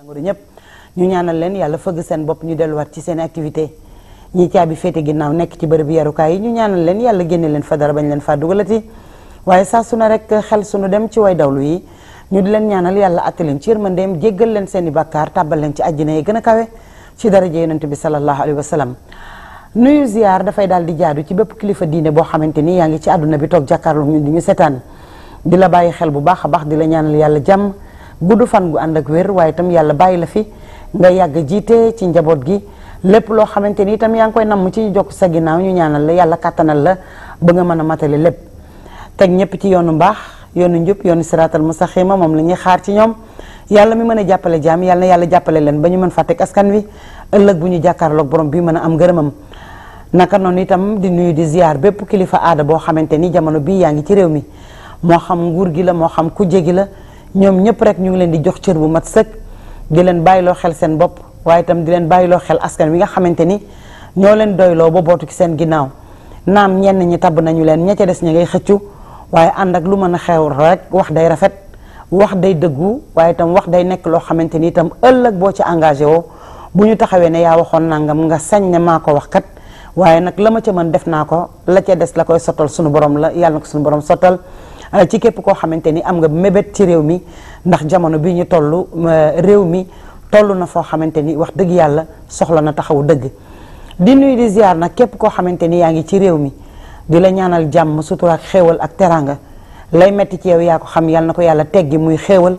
jàngoro ñëpp ñu ñaanal leen yàlla fëgg seen bopp ñu delluwaat ci seen activité ñi caabi féete ginnaaw nekk ci bërëb yarukaay yi ñu ñaanal leen yàlla génne leen fa dara bañ leen faa dugalati waaye saa su ne rek xel sunu dem ci way dawlu yi ñu di leen ñaanal yàlla atte ci yërmandeem jéggal leen seen i bàkkaar tàbbal leen ci àjjina yi gën a kawe ci daraje yonent bi sallallahu alayhi wa di jaadu ci bépp kilifa diine boo xamante ni yaa ci àdduna bi toog jàkkaarloo ñun di ñu setaan di la bàyyi xel bu baax a baax di la gudu fan gu andak wer waye tam yalla bayila fi nga yag jité ci njabot gi lepp lo xamanteni tam yang koy nam ci jokk sa ginaaw ñu ñaanal la yalla katanal la ba nga mëna matalé lepp tek ñepp ci yoonu mbax yoonu njub yoonu siratal mustaqima mom lañuy xaar ci ñom yalla mi mëna jappalé yalla na ba askan wi ëlëk bu ñu borom bi mëna am naka non itam di nuyu di ziar bépp kilifa aada bo xamanteni jamono bi yaangi ci réew mi mo xam nguur gi la mo xam ku jégi la ñom ñep rek ñu ngi leen di jox cër bu mat sekk di leen bàyyiloo xel seen bop waye tam di leen bàyyiloo xel askan wi nga xamanteni ni ñoo leen doylo bo botu ci seen ginnaaw naam ñenn ñi tab nañu leen ñi ca dess ñi ngay xëccu waye and ak lu mëna xew rek wax day rafet wax day deggu waye tam wax day nekk lo xamanteni tam ëlëk bo ci engagé wo bu ñu taxawé ne ya waxon nangam nga sañ ne mako wax kat waye nak lama ca def nako la ca dess la koy sotal suñu borom la yalla ko borom sotal Euh, ci képp koo xamante ni am nga mébét ci réew mi ndax jamono bi ñu toll euh, réew mi toll na foo xamante ni wax dëgg yàlla soxla na taxawu dëgg di nuyu di ziar nag képp koo xamante ni yaa ngi ci réew mi di la ñaanal jàmm sutura ak xéewal ak teranga lay metti ci yow yaa ko xam yàlla na ko yàlla teggi muy xéewal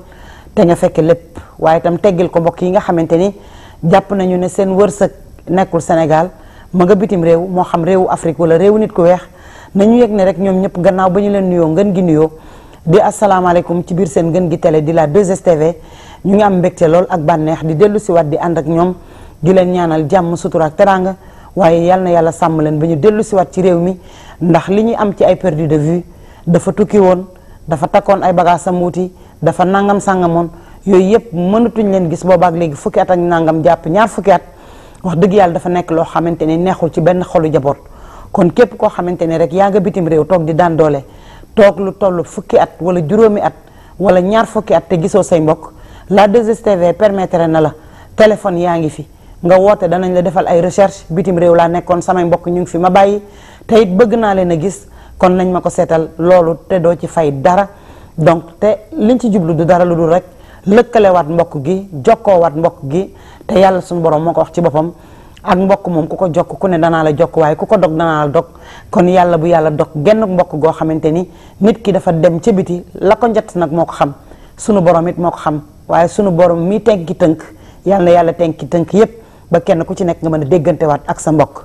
te nga fekk lépp waaye itam teggil ko mbokk yi nga xamante ni jàpp nañu ne seen wërsëg nekkul Sénégal ma nga bitim réew moo xam réewu Afrique wala réew nit ku weex nañu yek ne rek ñom ñep gannaaw bañu leen nuyo ngeen gi nuyoo di alaykum ci bir seen ngeen gi télé di la 2STV ñu ngi am mbégte lool ak banex di delu ci wat di andak ak ñom di leen ñaanal jamm sutura ak teranga waye yalna na sam leen bañu ñu ci wat ci réew mi ndax li ñi am ci ay perdu de vue dafa tukki won dafa takkon ay bagage am dafa nangam sangamon yoy yep mënatuñ leen gis boobaak legi fukki at ak nangam japp ñaar fukki at wax deug yalla dafa nek lo xamantene neexul ci ben xolu jabot kon képp koo xamante ne rek yaa nga bitim réew toog di daan doole toog lu toll fukki at wala juróomi at wala ñaar fukki at te gisoo say mbokk la 2STV permettre na la téléphone yaa ngi fi nga woote danañ la defal ay recherche bitim réew laa nekkoon samay mbokk ñu ngi fi ma bàyyi te it bëgg naa leen a gis kon nañ ma ko seetal loolu te doo ci fay dara donc te liñ ci jublu du dara lu dul rek lëkkalewaat mbokk gi jokkoowaat mbokk gi te yàlla suñu borom moo ko wax ci boppam ak mbokk mom kuko ko jokk ku ne danaa la jokk way kuko ko dog danaa la dog kon yalla bu yalla dog genn mbokk go xamanteni nit ki dafa dem ci biti la ko njëtt nak moko xam sunu borom it moko xam waye sunu borom mi tenki tënk yalla yalla yàlla tenki tënk yep ba kenn ku ci nek nga meuna deggante wat ak sa mbokk.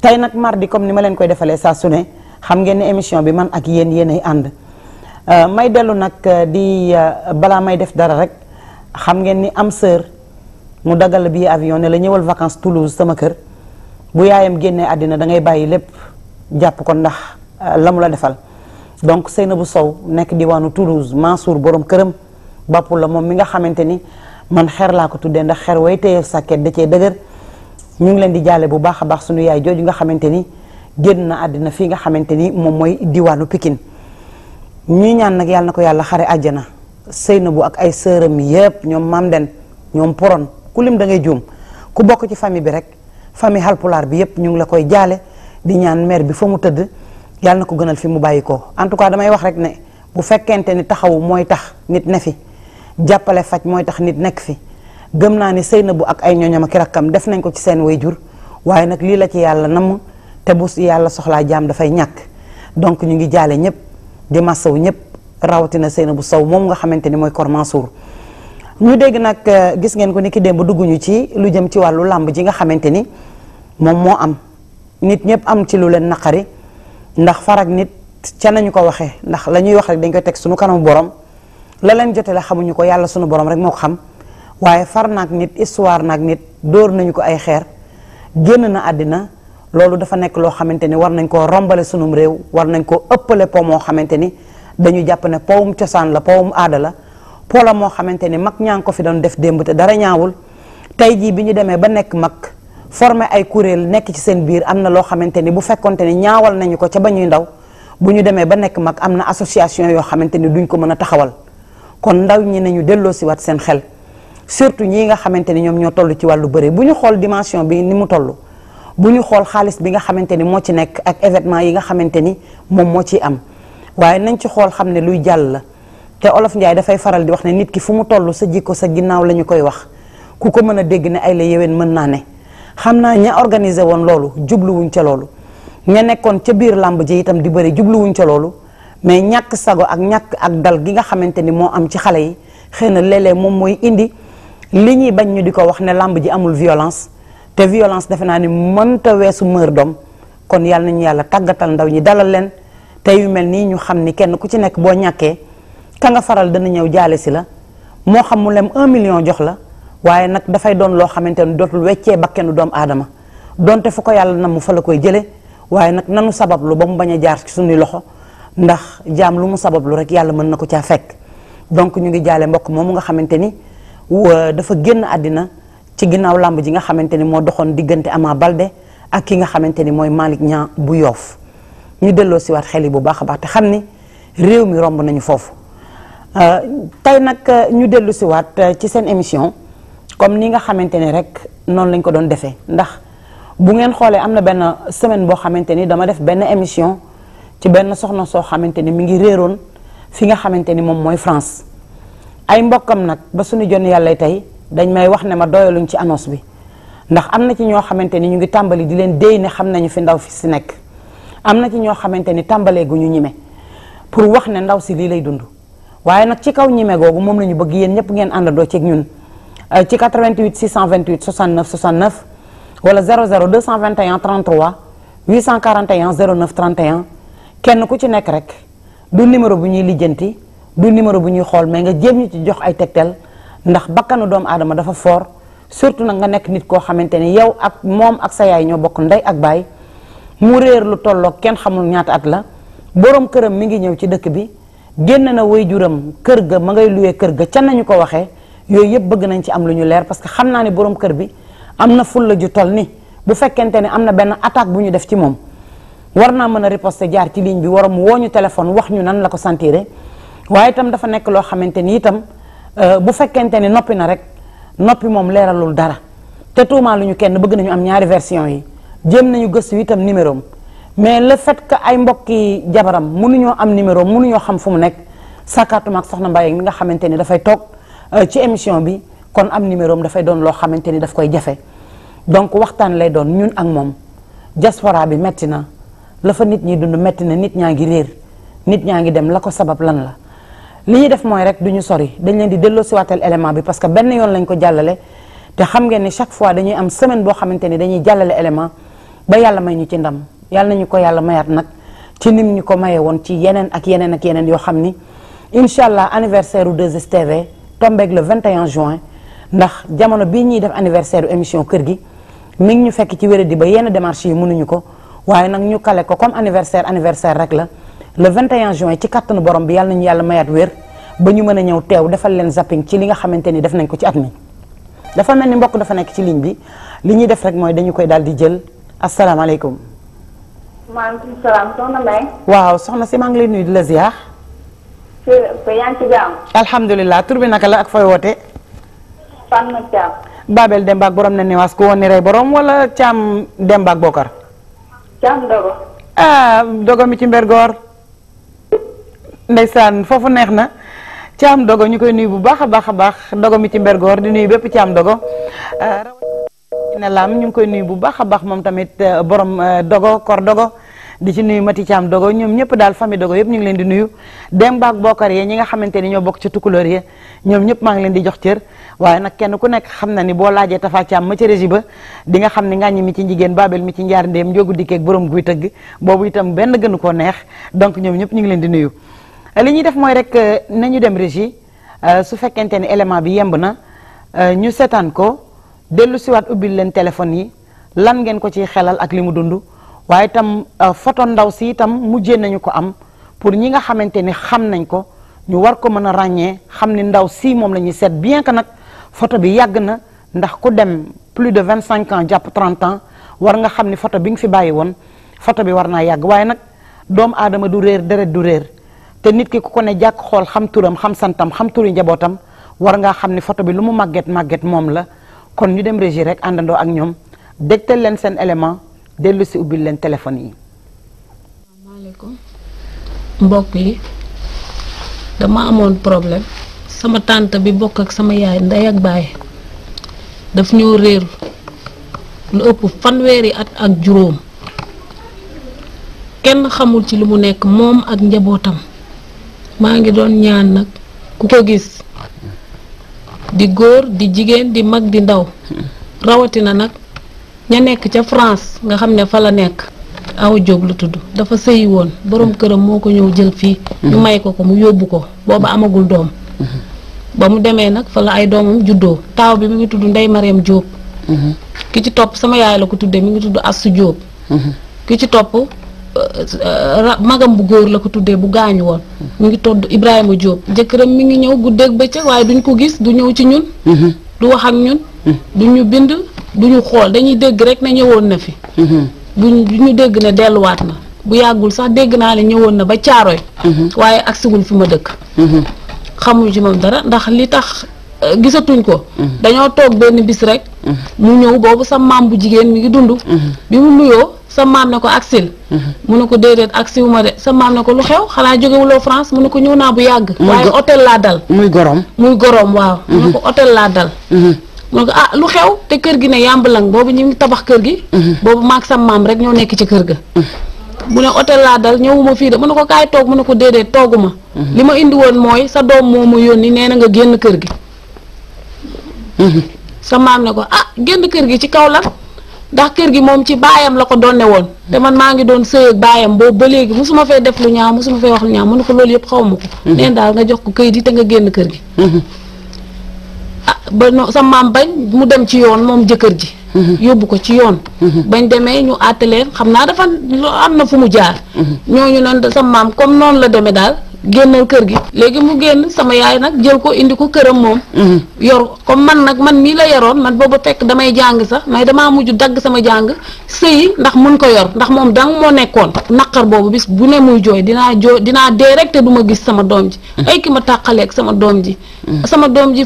tay nak mardi comme ni ma leen koy defale sa suné xam ngeen ni émission bi man ak yeenay and euh may delu nak euh, di euh, bala may def dara rek xam ngeen ni am sœur. mu daggal la bii avion ne la ñëwal vacances Toulouse sama kër bu yaayam génnee àddina da ngay bàyyi lépp jàpp ko ndax euh, la mu la defal donc bu Sow nekk diwaanu Toulouse Mansour borom këram bàppul la moom mi nga xamante ni man xer laa ko tuddee ndax xer way téyel sàkket da cee dëgër ñu ngi leen di jaale bu baax a baax suñu yaay jooju nga xamante ni génn na àddina fii nga xamante ni moom mooy diwaanu Pikine ñuy ñaan nag yàlla na ko yàlla xare àjjana Seynabou ak ay sëram yépp ñoom maam den ñoom poron Kulim lim da ngay joom ku bok ci fami bi rek fami halpular bi yep ñu ngi la koy di ñaan mère bi fa mu teud yalla nako ko gënal fi mu bayiko en tout cas damay wax rek ne bu fekente ni taxaw moy tax nit ne fi jappalé fajj moy tax nit nek fi gëm na ni sëy bu ak ay ñoñam ak rakkam def nañ ko ci seen wayjur waye nak li la ci yalla nam te bu soxla jam da fay ñak donc ñu ngi jaale ñep di massaw ñep rawati na bu saw mom nga xamanteni moy cor Mansour ñu dégg nag euh, gis ngeen ko ni ki démb dugguñu ci lu jëm ci wàllu làmb ji nga xamante ni moom moo am nit ñëpp am ci lu leen naqari ndax farak nit ca nañu ko waxee ndax lañuy wax rek dañ ko teg suñu kanamu borom la leen jotale xamuñu ko yàlla suñu borom rek moo xam waaye far naag nit histoire naag nit dóor nañu ko ay xeer génn na àddina loolu dafa nekk loo xamante ni war nañ koo rombale sunum réew war nañ koo ëppale po moo xamante ni dañu jàpp ne powum cosaan la powum aada poola moo xamante ni mag ñaa ngi ko fi doon def démb te dara ñaawul tey jii bi ñu demee ba nekk mag formé ay kuréel nekk ci seen biir am na loo xamante ni bu fekkonte ni ñaawal nañu ko ca ba ñuy ndaw bu ñu demee ba nekk mag am na association yoo xamante ni duñ ko mën a taxawal kon ndaw ñi nañu delloo si waat seen xel surtout ñii nga xamante ni ñoom ñoo toll ci wàllu bëre bu ñu xool dimension bi ni mu tollu bu ñu xool xaalis bi nga xamante ni moo ci nekk ak événement yi nga xamante ni moom moo ciy am waaye nañ ci xool xam ne luy jàll la te olof Njaay dafay faral di wax ne nit ki fu mu toll sa jikko sa ginnaaw lañu koy wax ku ko mën a dégg ne ay la yéwén mën naa ne xam naa ña organisé woon loolu jubluwuñ ca loolu ña nekkoon ca biir làmb ji itam di bëri jubluwuñ ca loolu mais ñàkk sago ak ñàkk ak dal gi nga xamante ni moo am ci xale yi xëy na léeg moom mooy indi li ñuy bañ ñu di ko wax ne làmb ji amul violence te violence defe naa ni mënta weesu mër doom kon yàlla nañu yàlla tàggatal ndaw ñi dalal leen te yu mel nii ñu xam ni kenn ku ci nekk boo ñàkkee ka nga faral dana ñëw jaale si la moo xam mu lem un million jox la waaye nag dafay doon loo xamante ni dootul weccee bakkenu doom aadama donte fu ko yàlla na mu fa la koy jële waaye nag nanu sabablu ba mu bañ a jaar ci suñuy loxo ndax jaam lu mu sabablu rek yàlla mën na ko caa fekk donc ñu ngi jaale mbokk moomu nga xamante ni dafa génn àddina ci ginnaaw làmb ji nga xamante ni moo doxoon diggante Ama Balde ak ki nga xamante ni mooy Malick Niang bu yoof ñu delloo siwaat xel yi bu baax a baax te xam ni réew mi romb nañu foofu Euh, tey nag euh, ñu dellu si waat euh, ci seen émission comme nii nga xamante ni rek noonu lañ ko doon defee ndax bu ngeen xoolee am na benn semaine boo xamante ni dama def benn émission ci benn soxna soo xamante ni mi ngi réeroon fi nga xamante ni moom mooy France ay mbokkam nag ba suñu jonn yàlla tey dañ may wax ne ma doyaluñ ci annonce bi ndax am na ci ñoo xamante ni ñu ngi tàmbali di leen déy ne xam nañu fi ndaw fi si nekk am na ci ñoo xamante ni tàmbalee gu ñu pour wax ne ndaw si lii lay dund waaye nag ci kaw ñime googu moom la ñu bëgg yéen ñëpp ngeen àndandoo ceeg ñun euh, ci vingt 88 628 69 69 wala 00 221 33 841 09 31 kenn ku ci nekk rek du numéro bu ñuy lijjanti du numéro bu ñuy xool mais nga jéem ñu ci jox ay tegtal ndax bakkanu doom aadama dafa foor surtout nag nga nekk nit koo xamante ne yow ak moom ak sa yaay ñoo bokk ndey ak baay mu réer lu tolloog kenn xamul ñaata at la boroom këram mi ngi ñëw ci dëkk bi. génn na waajuram kër ga ma ngay luwee kër ga can nañu ko waxee yooyu yëpp bëgg nañ ci am lu ñu leer parce que xam naa ne borom kër bi am na fulla ju toll ni bu fekkente ne am na benn attaque bu ñu def ci moom war naa mën a riposter jaar ci ligne bi waram woo ñu téléphone wax ñu nan la ko sentiré waaye itam dafa nekk loo xamante ni itam euh, bu fekkente ne noppi na rek noppi moom leeralul dara te tuumaa lu ñu kenn bëgg nañu am ñaari version yi jéem nañu gëstu itam numéro mais le fait que ay mbokki jabaram munuñoo am numéro mënuñoo xam fu mu nekk sàkkaatuma ak soxna Mbaye mi nga xamante ni dafay toog euh, ci émission bi kon am numéro am dafay doon loo xamante ni daf koy jafe donc waxtaan lay doon ñun ak moom diaspora bi metti na la nit ñi dund metti na nit ñaa ngi réer nit ñaa ngi dem la ko sabab lan la li ñuy def mooy rek du sori dañ leen di delloo si waatal élément bi parce que benn yoon lañ ko jàllale te xam ngeen chaque fois dañuy am semaine boo xamante ni dañuy jàllale élément ba yàlla may ñu ci ndam yàlla nañu ko yàlla mayaat nag ci nim ñu ko maye woon ci yeneen ak yeneen ak yeneen yoo xam ni incha allah anniversaire u 2STV tombeeg le 21 juin ndax jamono bii ñuy def anniversaire émission kër gi mi ñu fekk ci wéradi ba yenn démarches yi mënuñu ko waaye nag ñu kale ko comme anniversaire anniversaire rek la le 21 juin ci kattanu borom bi yàlla nañu yàlla mayaat wér ba ñu mën a ñëw teew defal leen zapping ci li nga xamante ni def nañ ko ci at mi dafa mel ni mbokk dafa nekk ci ligne bi li ñuy def rek mooy dañu koy daal di jël asalaamaaleykum maaleykum salaam waaw soxna si maa lay nuyu di la ziar. Seye yaa ngi ci jàmm. alhamdulilah tur la ak fooy woote. Fatma Thiam. Babel Demba ak na newaas ku woon ni rey borom wala caam Demba ak Bokar. Thiam Dogo. ah Dogo mi ci Mbergoor. ndeysaan foofu neex na. Thiam Dogo ñu koy nuyu bu baax a baax a baax Dogo mi ci Mbergoor di nuyu bépp Thiam Dogo. Ah, rawatina ñu ngi koy nuy bu baax a baax moom tamit eh, borom eh, Dogo Kor Dogo. di ci nuyu Mati cham Dogo ñom ñëpp dal fami Dogo yep ñu ngi leen di nuyu ba ak bokkar ye ñi nga xamanteni ño bok ci tukulor ye ñom ñëpp ma ngi leen di jox cër waye nak kenn ku nek xamna ni bo laaje Tafa Thiam ma ci ba di nga xamni ni mi ci jigen Babel mi ci ndem jogu dikke ak borom guuy teug bobu itam benn gënu ko neex donc ñom ñëpp ñu ngi leen di nuyu li ñi def moy rek euh, nañu dem régi euh, su fekkente ni élément bi yemb na euh, ñu sétane ko ci wat ubil leen téléphone yi lan ngeen ko ci xelal ak limu dundu waye tam eh, photo ndaw si tam mujjé nañu ko am pour ñi nga xamanteni xam nañ ko ñu war ko mëna a ràññee xam ni ndaw si mom lañu sét bien que nak photo bi yag na ndax ku dem plus de 25 ans japp 30 ans war nga xam ni photo bi ngi fi bayyi won photo bi war naa yàgg waaye nag doomu du rër du rër té nit ki ku ko né jak xol xam turam xam santam xam turu njabotam war nga xam ni photo bi lu mu magget magget mom la kon ñu dem régie rek andando ak ñom dektel len sen élément dellusi si ubbil leen téléphone yi. maaleykum mbokk yi dama amoon problème sama tànt bi bokk ak sama yaay ndey ak baay daf ñoo réeru lu ëpp fanweeri at ak juróom kenn xamul ci li mu nekk moom ak njabootam maa ngi doon ñaan nag ku ko gis di góor di jigéen di mag di ndaw rawatina nag. ña nekk ca France nga xam ne fa la nekk aw jóob lu tudd dafa sëyi woon borom mm-hmm. këram moo ko ñëw jël fii ñu mm-hmm. may ko ko mu yóbbu ko booba mm-hmm. amagul doom ba mu demee nag fa la ay doomam juddoo taaw bi mu ngi tudd Ndey Mariam Jóob ki ci topp sama yaay la ko tuddee mi ngi tudd Assu Jóob ki ci topp euh, magam bu góor la ko tuddee bu gaañu woon mu ngi todd Ibrahima Jóob jëkkëram mu ngi ñëw guddeeg bëccëg waaye duñ ko gis du ñëw ci ñun du wax ak ñun du ñu bind du ñu xool dañuy dégg rek ne ñëwoon na fi. Mhm. bu ñu dégg ne delluwaat na bu yàggul sax dégg naa ne ñëwoon na ba caaroy. Mhm. waaye agsiwuñ fi ma dëkk. Mhm. xamuñ ci moom dara ndax li tax eh, gisatuñ ko. dañoo toog benn bis rek. mu ñëw boobu sa maam bu jigéen mi ngi dund. bi mu nuyoo sa maam ne ko agsil. mu ne ko déedéet agsi wu ma de sa maam ne ko lu xew xanaa jógewuloo France mu ne ko ñëw naa bu yàgg. waaye hôtel laa dal. muy gorom muy gorom waaw. mu ne ko hôtel laa dal. mun ah lu xew te keur gi ne yàmbalang bobu ñi ngi tabax keur gi mhm. boobu maag sam mam rek ñoo nekk ci keur ga mhm. mu ne hotel la dal ñewuma fi de mu ne ko kay tok mu ne ko dede toguma mhm. lima indi won moy sa dom momu yoni neena nga genn keur gi sa mam ne ko ah genn keur gi ci kaw lan ndax keur gi mom ci bayam la ko donne won te man ma ngi don seuy ak baayam ba legi musuma fe def lu ñaaw musuma fe wax lu ñaaw mu ne ko lool yëpp neen dal nga jox ko keuy di te nga genn keur gi ba no sa maam bañ mu dem ci yoon moom jëkkër ji mhm. yóbbu ko ci yoon mhm. bañ demee ñu àttaleen xam naa dafa am na fu mu jaar mhm. ñooñu ne sa maam comme noonu la demee daal génnal kër gi léegi mu génn sama yaay nag jël ko indi ko këram moom yor comme man nag man mii la yoroon man booba fekk damay jàng sax mais damaa mujj dagg sama jàng sëy ndax mun ko yor ndax moom dang moo nekkoon naqar boobu bis bu ne muy jooy dinaa jooy dinaa dee rek te du gis sama doom ji ay ma tàqaleeg sama sama doom ji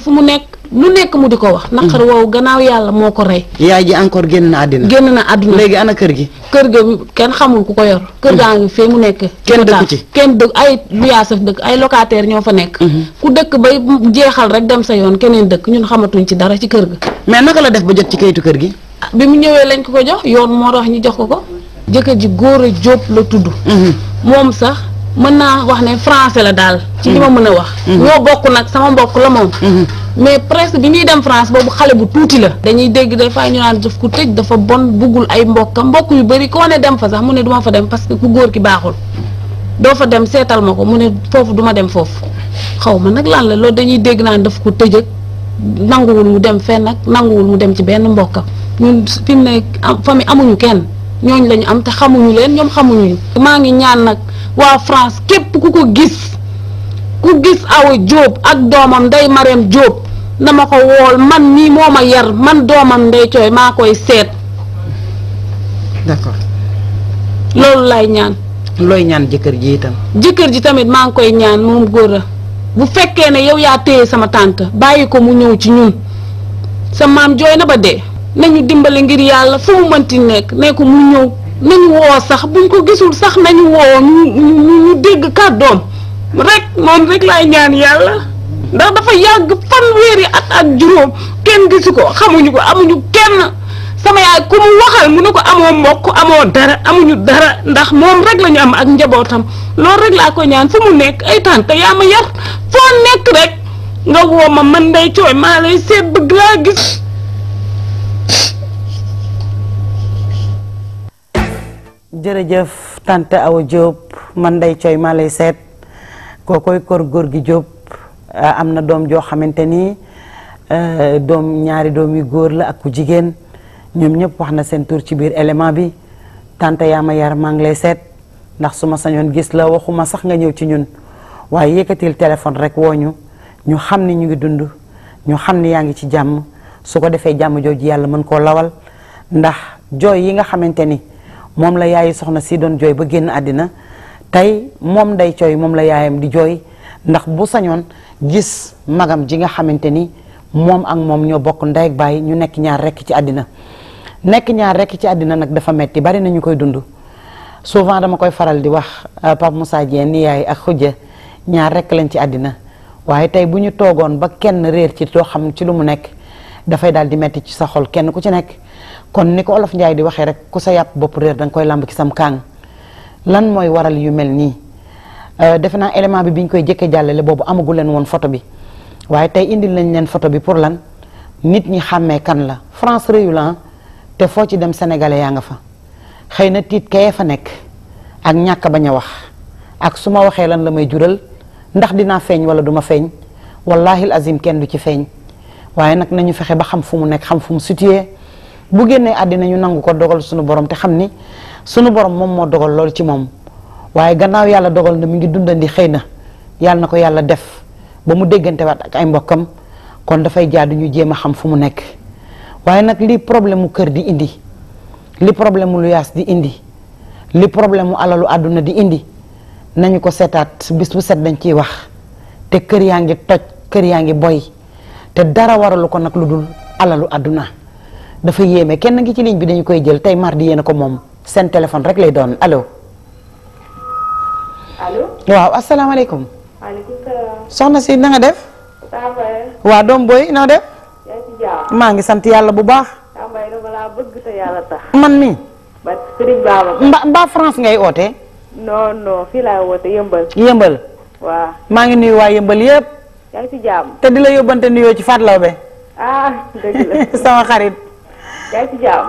lu nekk mu di ko wax. naqar mm. woowu gannaaw yàlla moo ko rey. yaay ji encore génn na àddina. génn na àddina léegi ana kër gi. kër ga kenn xamul ku ko yor. kër mm. gaa ngi fee mu nekk. kenn dëkk ci kenn dëkk ay luyaasaf dëkk ay locataire ñoo fa nekk. Mm-hmm. ku dëkk bay jeexal rek dem sa yoon keneen dëkk ñun xamatuñ ci dara ci kër gi mais naka la def ba jot ci kayitu kër gi. Ah, bi mu ñëwee lañ ko ko jox yoon moo tax ñu jox ko ko. jëkkër ji góor a jóob la tudd. Mm-hmm. moom sax. mën naa wax ne français la daal. ci li ma mën a wax. Mhm. ñoo bokk nag sama mbokk la moom. Mhm. mais presque bi ñuy dem France boobu xale bu tuuti la. dañuy dégg des fois ñu naan daf ko tëj dafa bon buggul ay mbokk mbokk yu bari koo ne dem fa sax mu ne duma fa dem parce que ku góor ki baaxul. doo fa dem seetal ma ko mu ne foofu duma dem foofu xaw ma nag lan la loolu dañuy dégg naan daf ko tëj ak nanguwul mu dem fenn ak nanguwul mu dem ci benn mbokkam ñun fi mu ne famille amuñu kenn. ñooñ lañu am te xamuñu leen ñoom xamuñu maa ngi ñaan nag waa France képp ku ko gis ku gis Awa Diop ak doomam Ndeye Marème Diop dama ko wool man mii moo ma yar man doomam Ndeye Coy maa koy seet d'accord loolu laay ñaan looy ñaan jëkkër ji itam jëkkër ji tamit maa ngi koy ñaan moom góor bu fekkee ne yow yaa téye sama tànt bàyyi ko mu ñëw ci ñun sa maam jooy na ba dee nañu dimbali ngir yàlla fu mu nekk ne ko mu ñëw nañu woo sax buñ ko gisul sax nañu woo ñu ñu dégg kàddoom rek moom rek laay ñaan yàlla ndax dafa yàgg fanweeri at ak juróom kenn gisu ko xamuñu ko amuñu kenn sama yaay ku mu waxal mu ne ko amoon mbokk amoon dara amuñu dara ndax moom rek lañu am ak njabootam loolu rek laa ko ñaan fu mu nekk ay tànte yaa ma yar foo nekk rek nga woo ma man day cooy maa lay seet bëgg laa gis jërëjëf tante Awa job man day coy maa lay seet kor gor gi job eh, amna dom jo xamanteni xamante ni eh, ñaari dom yu gor la ak ku jigen ñom ñep waxna sen tour ci bir element bi tante yama yar maa ngi lay set ndax suma sañon gis la waxuma sax nga ñew ci ñun waye telephone rek woñu ñu xamni ñu ngi dund ñu xamni yaangi ci jamm suko defé jamm joji yalla mën lawal ndax joy yi nga xamanteni moom la yaayu soxna sii doon jooy ba génn àddina tey moom nday cooy moom la yaayam di jooy ndax bu sañoon gis magam ji nga xamante ni moom ak moom ñoo bokk ndey ak baay ñu nekk ñaar rekk ci àddina nekk ñaar rekk ci àddina nag dafa metti bari nañu koy dund souvent dama koy faral di wax euh, Pape Moussa Dieng ni yaay ak xujja ñaar rekk lañ ci àddina waaye tey bu ñu toogoon ba kenn réer ci loo xam ci lu mu nekk dafay daal di metti ci sa xol kenn ku ci nekk kon niko ko olof ndjay di waxe rek ku sa yap bop reer dang kang. koy lamb ci sam kang lan moy waral yu mel euh defe naa élément bi biñ koy jekke jallale bobu amagu len won photo bi waye tay indil lañ len photo bi pour lan nit ñi xamé kan la France réew la te fo ci dem sénégalais ya nga fa xeyna tit kay fa nek ak ñak baña wax ak suma waxe lan la may jural ndax dina feñ wala duma feñ wallahi azim kenn du ci feñ waye nak nañu fexé ba xam fu mu nek xam fu mu situé bu ne adina ñu nangu ko dogal suñu borom te xamni suñu borom mom mo dogal lool ci mom waaye gannaaw yalla dogal na mi ngi dundandi xëy na yàlla nako def ba mu wat ak ay mbokam kon fay jaadu ñu jéma xam fu mu nekk nak li problème mu kër di indi li problème mu yas di indi li problème alalu aduna di indi nañu ko sétat bis bu sét dañ ci wax te kër yaangi toj kër yaangi boy te dara waralu ko nak lu alalu aduna dafa yéeme kenn ngi ci ligne bi dañ koy jël tey mardi yéen a ko moom seen téléphone rek lay doon allo. allo waaw asalaamaaleykum. maaleykum salaam. soxna si na nga def. waa doom boy na def. maa ngi sant yàlla bu baax. man mi mba mbaa France ngay oote. non non fii laa woote yëmbal. yëmbal. waaw maa ngi nuyu waa yëmbal yëpp. yaa ngi ci jàmm. te di la yóbbante nuyoo ci Fatou Laobé. ah dëgg la sama xarit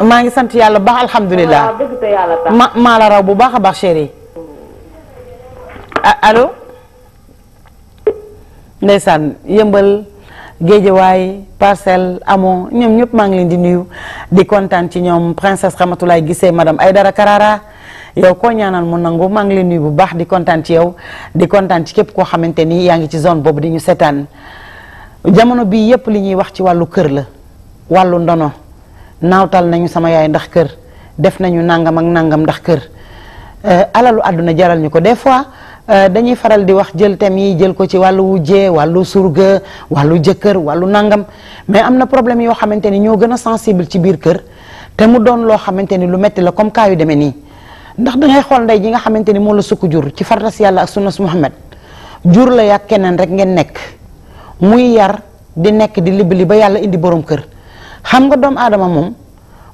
maa ngi sant yàlla baax alhamdulilah ma maa la raw bu baax a baax chéri allo ndeysaan yëmbal géejewaay parcelle amoo ñoom ñëpp maa ngi leen di nuyu di kontaan ci ñoom princesse Ramatoulaye Guissé madame Aïdara Karara yow koo ñaanal mu nangu maa ngi leen nuyu bu baax di kontaan ci yow di kontaan ci képp koo xamante ni yaa ngi ci zone boobu di ñu seetaan jamono bii yépp li ñuy wax ci wàllu kër la wàllu ndono nawtal nañu sama yaay ndax kër def nañu nangam ak nangam ndax kër eh, alalu aduna jaral ñuko des fois eh, dañuy faral di wax jël jel yi jël ko ci walu wujé walu surga walu jëkër walu nangam mais amna problème yo xamanteni ni gëna sensible ci biir kër té mu doon lo xamanteni ni lu metti la comme ka yu démé ni ndax ngay xol nday gi nga xamanteni ni la jur ci fardas yalla ak sunnas Muhammad jur la yak kenen rek ngeen nek muy yar di nek di libli ba yalla indi borom kër xam nga doomu aadama moom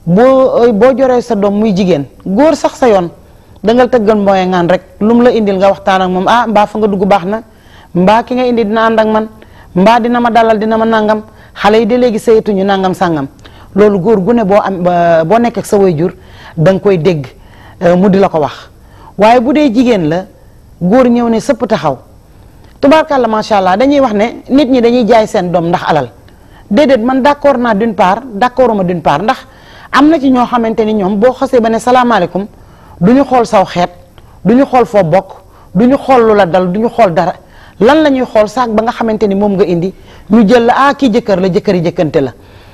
boo euh, boo joree sa doom muy jigéen góor sax sa yoon dangal tëggal mbooye ngaan rek lu la indil nga waxtaan ak moom ah mbaa fa nga dugg baax na mbaa ki nga indi dina ànd ak man mbaa dina ma dalal dina ma nangam xale yi de léegi saytuñu nàngam sàngam loolu góor gu ne boo am boo nekk ak sa waajur da nga koy dégg euh, mu di la ko wax waaye bu dee jigéen la góor ñëw ne sëpp taxaw la macha allah dañuy wax ne nit ñi dañuy jaay seen doom ndax alal. dedet man d'accord na d'une part d'accorduma d'une part ndax amna na ci ño xamanteni ñom bo xasse bané salam alaykum duñu xol saw xet duñu xol fo bok duñu xol ñu lu la dal duñu xol dara lan lañuy xol sax ba nga xamanteni mom nga indi ñu jël la ah, la jëkëri jëkënte la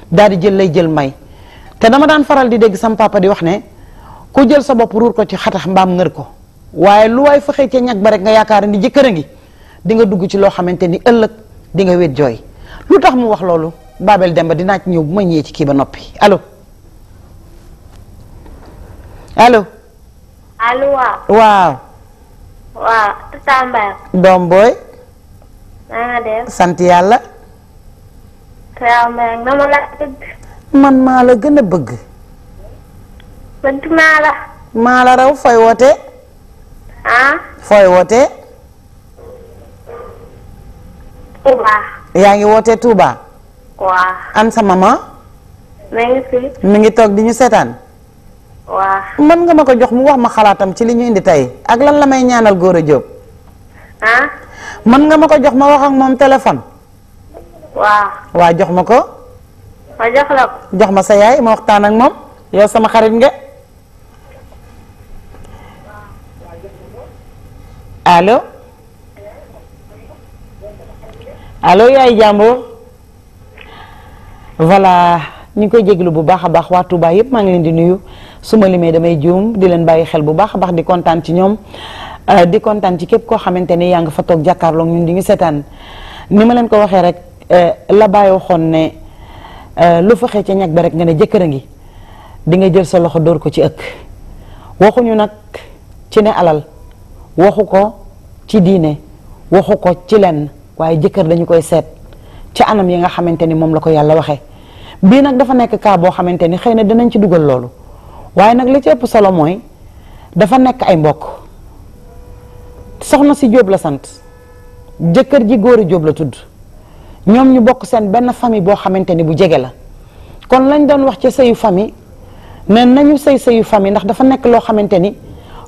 daal di jël lay jël may té dama daan faral di dégg sam papa di wax né ku jël sa bop ruur ko ci xatax mbam ngër ko waye lu way fexé ci ñak ba rek nga yaakaar ni jëkëra ngi di nga dugg ci lo xamanteni ëlëk di nga wét joy lu mu wax lolu Babel Demba dinaa ci ñëw bu ma ñëwee ci kii ba noppi alo allo. allo waaw. waaw. waaw doom booy. sant yàlla. man maa la gën a bëgg. bëgg naa maa la raw fooy woote ah. fooy yaa ngi woote Touba. Wah. an sa mama mi fi mi tok diñu di ñu Man nga mako jox mu wax ma xalaatam ci li ñu indi tay. ak lan lamay ñaanal góor job? jóob Man nga mako jox ma wax ak mom téléphone waa Wa jox mako? Wa jox la jox ma sa yaay ma waxtaan ak mom. yow sama xarit nga allo allo yaay jambo? voilà ñu ngi koy jéglu bu baax a baax waa baax yëpp maa ngi leen di nuyu su ma limee damay juum di leen bàyyi xel bu baax a baax di kontaan ci ñoom euh, di kontaan ci képp koo xamante ni yaa nga fa toog jàkkaarloog ñun di ñu seetaan ni ma leen ko waxee rek euh, la bàyyi waxoon ne euh, lu faxee ci ñag bi rek nga ne jëkkër a ngi di nga jël sa loxo dóor ko ci ëkk waxuñu nag ci ne alal waxu ko ci diine waxu ko ci lenn waaye jëkkër dañu koy seet ci anam yi nga xamante ni moom la ko yàlla waxee bi nak dafa nek ka bo xamanteni xeyna na dinañ ci duggal lolu waye nak li ci ep solo moy dafa nek ay mbokk soxna si joblasant, la sante jeuker ji nyobok job la tudd ñom ñu bokk seen ben famille bo xamanteni bu jégué la kon lañ doon wax ci sëyu famille né nañu sëy sëyu famille ndax dafa nek lo xamanteni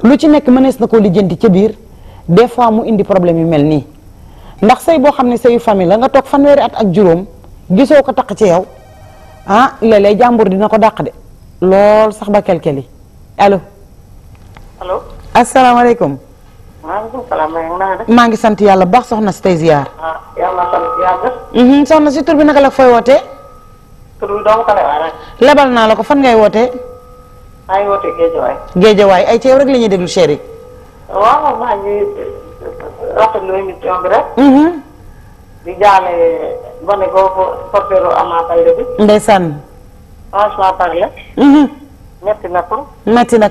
lu ci nek menes na lijeenti ci bir des fois mu indi problème yu Nak ndax sëy bo xamni ne famille la nga tok fanweeri at ak juróom gisoko tak ci yow ah léeg jàmbur dina ko daq de lool sax ba kelkel yi allo. allo asalaamaaleykum. maa ngi sant yàlla baax soxna si tey ziar. Ah, mhm, soxna si tur bi naka la fooy wootee. tur bi lebal naa la ko fan ngay wootee. maa ngi wootee Géejawaay. ay ceeb rek la ñuy déglu chéri. waaw maa euh, euh, gone boobu portéro Ama Baldé bi. ndeysaan. franchement parler. Mhm. metti laa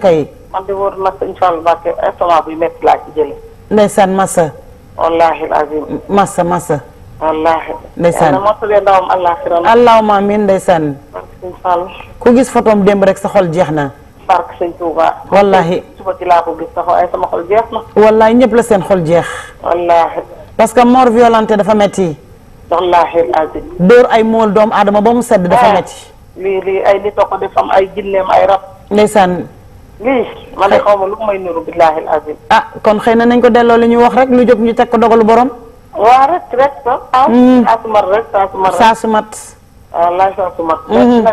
ci jëlee. ndeysaan massa. wallaahi azim. massa massa. wallaahi. ndeysaan yàlla mottalee ndawam àllaaxira. allahumma ku gis photom démb rek sa xol jeex na. barke sëñ Touba. wallaahi suba ci laa ko gis jeex la seen xol jeex. parce que mort violente dafa metti wallaahi azim. dóor ay mol dom adama ba sedd dafa eh, metti. li li ay nit a def am ay jinnem ay rap ndeysaan. li ma ne xaw lu may nuru billahi alazim ah kon xeyna na nañ ko delo li ñu wax rek lu jog ñu tek ko dogal borom. wa rek rek sax. Ah, ah, mm. saa rek saa su sa rek saa sa mat. Mm-hmm.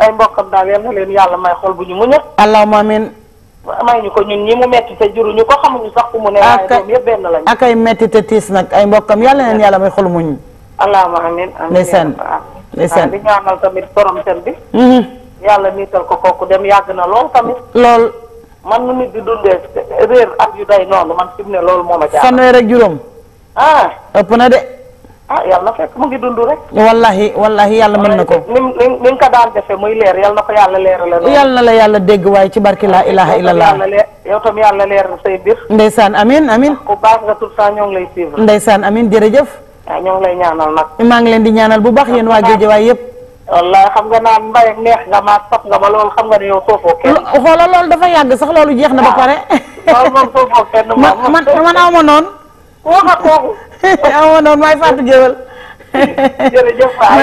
ay mbokam dal yalla na leen yàlla may xol bu ñu muñal. allahumma amin may ñu ko ñun ñi mu metti te juruñu ko ñu sax ku mu ne. ay dem yeb ben lañu. akay metti te tis nak ay mbokam yalla na eh. yalla may xol muñu allahumma amin amin ndeysaan ndeysaan di ñaanal tamit borom seen bi mhm. yàlla niital ko kooku dem yàgg na lool tamit lool man nu nit di dundee réer am yu day noonu man fi ne loolu moo a jaar fanweer ak juróom ah ëpp na de ah yàlla fekk mu ngi dund rek wallahi wallahi yàlla mën na ko ni ni nga ko daan defee muy leer yàlla na ko yàlla leerala yàlla na la yàlla dégg waaye ci barki laa ilaha illallah yow tam yàlla leer say mbir ndeysaan amin amin ku baax nga tout ça ñoo ngi lay jërëjëf waaw ñoo ngi lay ñaanal nag. ngi leen di ñaanal bu baax yéen waa Géejawaay yëpp. wallaay xam nga naan mbay neex nga ma saf nga ma dafa yàgg sax jeex na ba ah, pare. man man man aw ma noonu. wax ak kooku. aw ma noonu maay Fatou Guewel. jërëjëf waay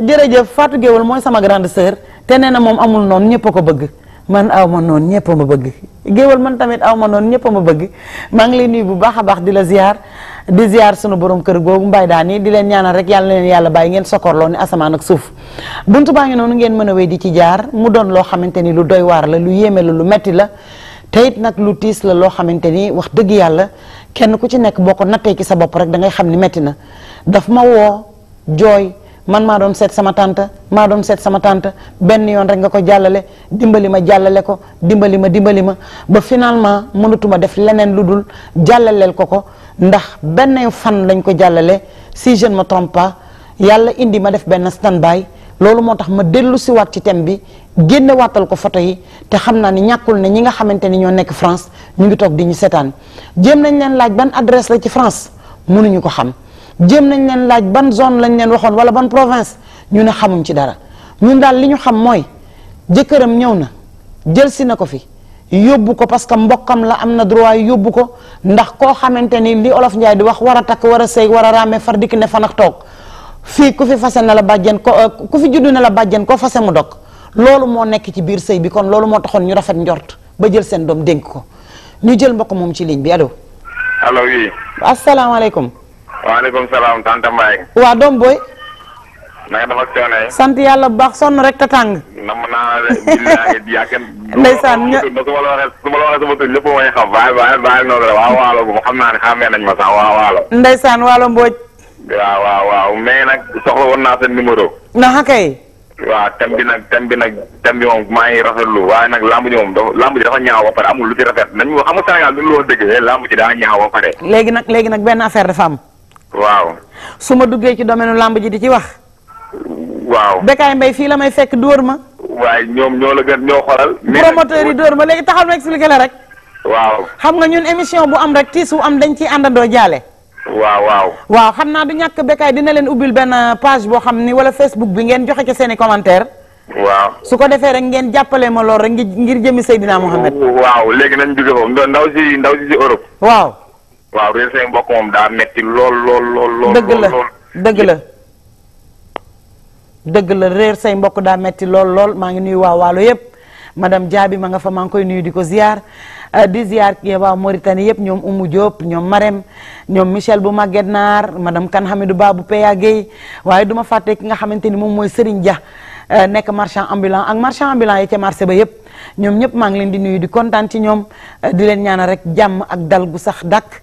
merci mooy sama grande sœur te nee na moom amul noonu ñëpp ko bëgg. man aw ma noonu ñëpp ma bëgg géwal man tamit aw ma noonu ñëpp ma bëgg maa ngi lay nuyu bu baax a baax di la ziar di ziar sunu borom kër googu mbay daan yi di leen ñaanal rek yàlla leen yàlla bàyyi ngeen sokorloo ni asamaan ak suuf buntu baa ngi noonu ngeen mën a wéy di ci jaar mu doon loo xamante ni lu doy waar la lu yéeme la lu metti la te it nag lu tiis la loo xamante ni wax dëgg yàlla kenn ku ci nekk boo ko nattee ci sa bopp rek da ngay xam ni metti na daf ma woo man maa doon seet sama tante maa doon seet sama tante benn yoon rek nga ko jàllale dimbali ma jàllale ko dimbali ma dimbali ma ba finalement mënatuma def leneen lu dul jàllaleel ko ko ndax benn fan lañ ko jàllale si je ne me yàlla indi ma def benn standby loolu moo tax ma dellu si waat ci thème bi génne waatal ko foto yi te xam naa ni ñàkkul ne ñi nga xamante ni ñoo nekk France ñu ngi toog di ñu seetaan jéem nañ leen laaj ban adresse la ci France mënuñu ko xam jëm nañ leen laaj ban zone lañ leen waxon wala ban province ñu ne xamuñ ci dara ñun daal li ñu xam moy jëkkëram ñëw na jël si nako fi yobbu ko parce que mbokam la amna droit yobbu ko ndax ko xamanteni li olof ndjay di wax wara tak wara sey wara ramé ne fanak tok fi ku fi fase na la bàjjen ko euh, ku fi juddu na la bàjjen ko fase mu dog loolu moo nekk ci bir sey bi kon lolu mo taxone ñu rafet njort ba jël sen dom denk ko ñu jël mbokk mom ci ligne bi allo. allo oui. alaykum waaleykum salaam tante Mbaye. waa doom booy. na nga sant yàlla bu baax sonn rek te tàng. nam naa ndeysaan su ma la waxee su ma la waxee sama tur lépp mooy xam waaye waaw waalo ma sax waaw waalo. ndeysaan waalo mbooj. waaw waaw waaw nag soxla woon naa sa numéro. na kay. waaw thème bi nag thème bi nag thème bi moom maa ngi rafetlu waaye nag lamb ji moom dafa lamb ji dafa ñaaw ba pare amul lu ci rafet nañ ko xam nga Sénégal duñu la dëgg eh, lamb daa ñaaw ba pare. léegi nag léegi nag benn affaire dafa am. Wow, suma ma duggee ci domaine lamb ji di ci wax. waaw Bécaye mbay fii la may fekk dóor ma. waaye ñoom ñoo la gën ñoo xoolal. promoteur yi dóor ma léegi taxaw ma expliqué la rek. waaw xam nga ñun émission bu am rek tiis am dañ ci àndandoo jaale. Wow, waaw. waaw xam naa du ñàkk Bécaye dina leen ubbil benn page boo xam ni wala Facebook bi ngeen joxe ci seen i commentaire. waaw su ko defee rek ngeen jàppale ma lool rek ngir jëmi Seydina Mohamed. waaw léegi nañ jóge foofu ndaw si ndaw si Europe. waaw waaw réer seen mbokk moom daa metti lol, lol, lol. lool dëgg la dëgg la dëgg la réer say mbokk daa metti lool lool maa ngi nuyu waa waalo yëpp madame ma nga fa maa koy nuyu di ko ziar euh, di ziar kii waa mauritani yëpp ñoom umu Diop ñoom marem ñoom Michel bu Maguette Naar madame Kan Hamidou Ba bu PA Guèye waaye du ma fàtte ki nga xamante ni moom mooy Serigne Dia euh, nekk marchand ambulant ak marchand ambulant yi ca marché ba yëpp ñoom ñëpp maa ngi leen di nuyu di kontaan ci ñoom euh, di leen ñaanal rek jàmm ak dal gu sax dàkk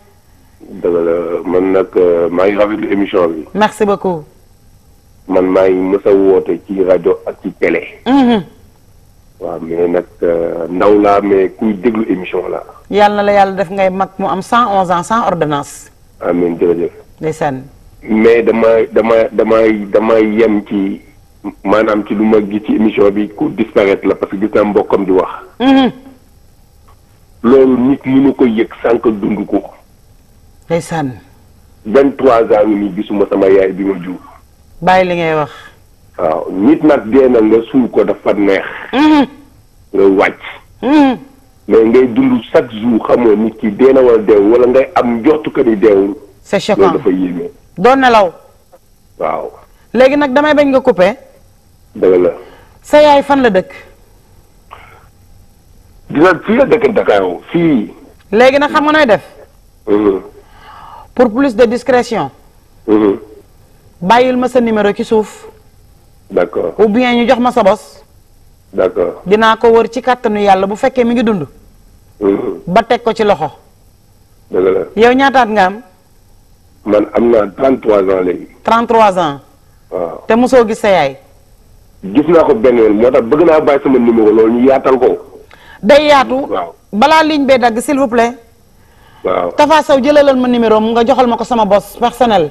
dëgg la man nag euh, émission bi. merci beaucoup. man maa ngi mës ci radio ak ci télé. Mhm. Wa mais nak euh, ndaw laa mais kuy déglu émission la Yalla na la Yalla def ngay mag mu am 111 onze ans sans ordonnance. amiin jërëjëf. ndeysaan. mais dama dama dama damay yem ci manam ci luma gi ci émission bi ku disparaître la parce que gis naa mbokkam di wax. Mhm. loolu nit mënu ko yëg sank dund ko. ndeysaan. vingt trois ans ngi gisuma sama yaay bi ma jur. bàyyi li ngay wax. waaw nit nag dee na nga suul ko dafa neex. Mm-hmm. nga wàcc. Mm-hmm. mais ngay dund chaque jour xamoo nit ki dee na wala deew wala ngay am joxtu ko ni deewul. c'est choquant loolu doon nelaw. waaw. léegi nag damay bañ nga coupé. dëgg sa yaay fan la dëkk. dina fii la dëkk Dakar fii. léegi nag xam nga nooy def. Mm-hmm. pour plus de discrétion. Mhm. bayil ma sa numéro ci suuf. d'accord ou bien ñu jox ma sa bos. d'accord dina ko wër ci kàttanu yàlla bu fekkee mi ngi dund. Mhm. ba ko ci loxo. dëgg la yow ñaataat nga am. man am 33 ans léegi. 33 ans. waaw te muso gis sa yaay. gis naa ko benn yoon moo tax bëgg naa bàyyi sama numéro loolu ñu yaatal ko. day yaatu. bala ligne bee dagg s'il vous plaît waaw Tafa Sow jëlalal ma numéro mu nga joxal mako sama bos personnel.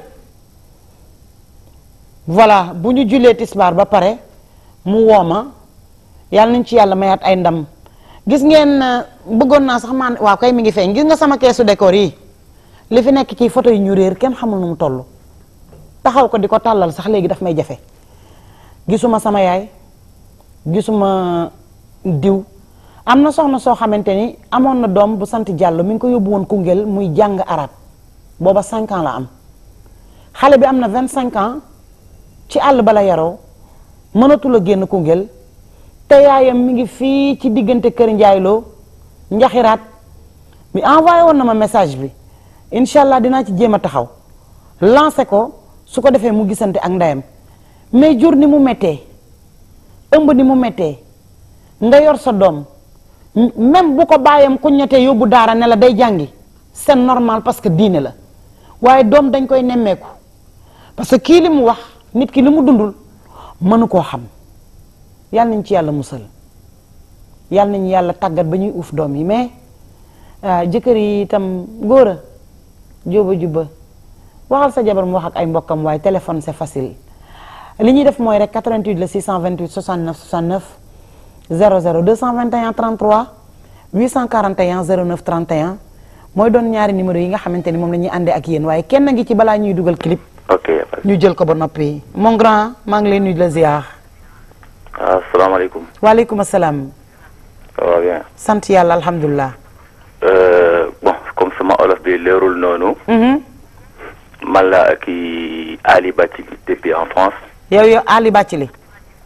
voilà buñu ñu tisbar ba paré mu woma yalla nañ ci yalla mayat ay ndam gis ngeen euh, bëggon na sax man wa kay mi ngi feeñ gis nga sama caisse décor yi li fi nekk ci photo yi ñu rër kenn xamul nu mu tollu taxaw ko di talal sax légui daf may jafé gisuma sama yaay gisuma diw am na soxna soo xamante ni amoon na doom bu sant jàll mi ngi ko yóbbu woon Koungheul muy jàng arab booba 5 ans la am xale bi am na 25 ans ci àll bala la yaroo mënatul a génn Koungheul te yaayam mi ngi fii ci diggante Kër Njaayloo Njaxiraat bi envoyé woon na ma message bi incha allah dinaa ci jéem a taxaw lancé ko su ko defee mu gisante ak ndeyam mais jur ni mu méttee ëmb ni mu méttee nga yor sa doom. même bu ko bàyyam ku ñetee yóbbu daara ne la day jàngi seen normal parce que diine la waaye doom dañ koy nemmeeku parce que kii li mu wax nit ki li mu dundul mënu koo xam yàlla nañ ci yàlla musal yàlla nañ yàlla tàggat ba ñuy uuf doom yi mais euh, jëkkër yi itam góor a jóoba jubba waxal sa jabar mu wax ak ay mbokkam waaye téléphone c'est facile li ñuy def mooy rek 88 la 628 69 69 00 221 33 841 ñaari numéro yi nga xamante ni moom la ak yéen waaye kenn ngi ci ñuy dugal clip. ok ñu jël ko ba noppi. mon grand maa ngi lay nuyu la ziar. asalaamaaleykum. waaleykum salaam. ça va bien. sant yàlla alhamdulilah. Euh, bon comme sama olof bi leerul noonu. Mhm. ak Ali Bathily depuis en France. yow yow Ali Bathily.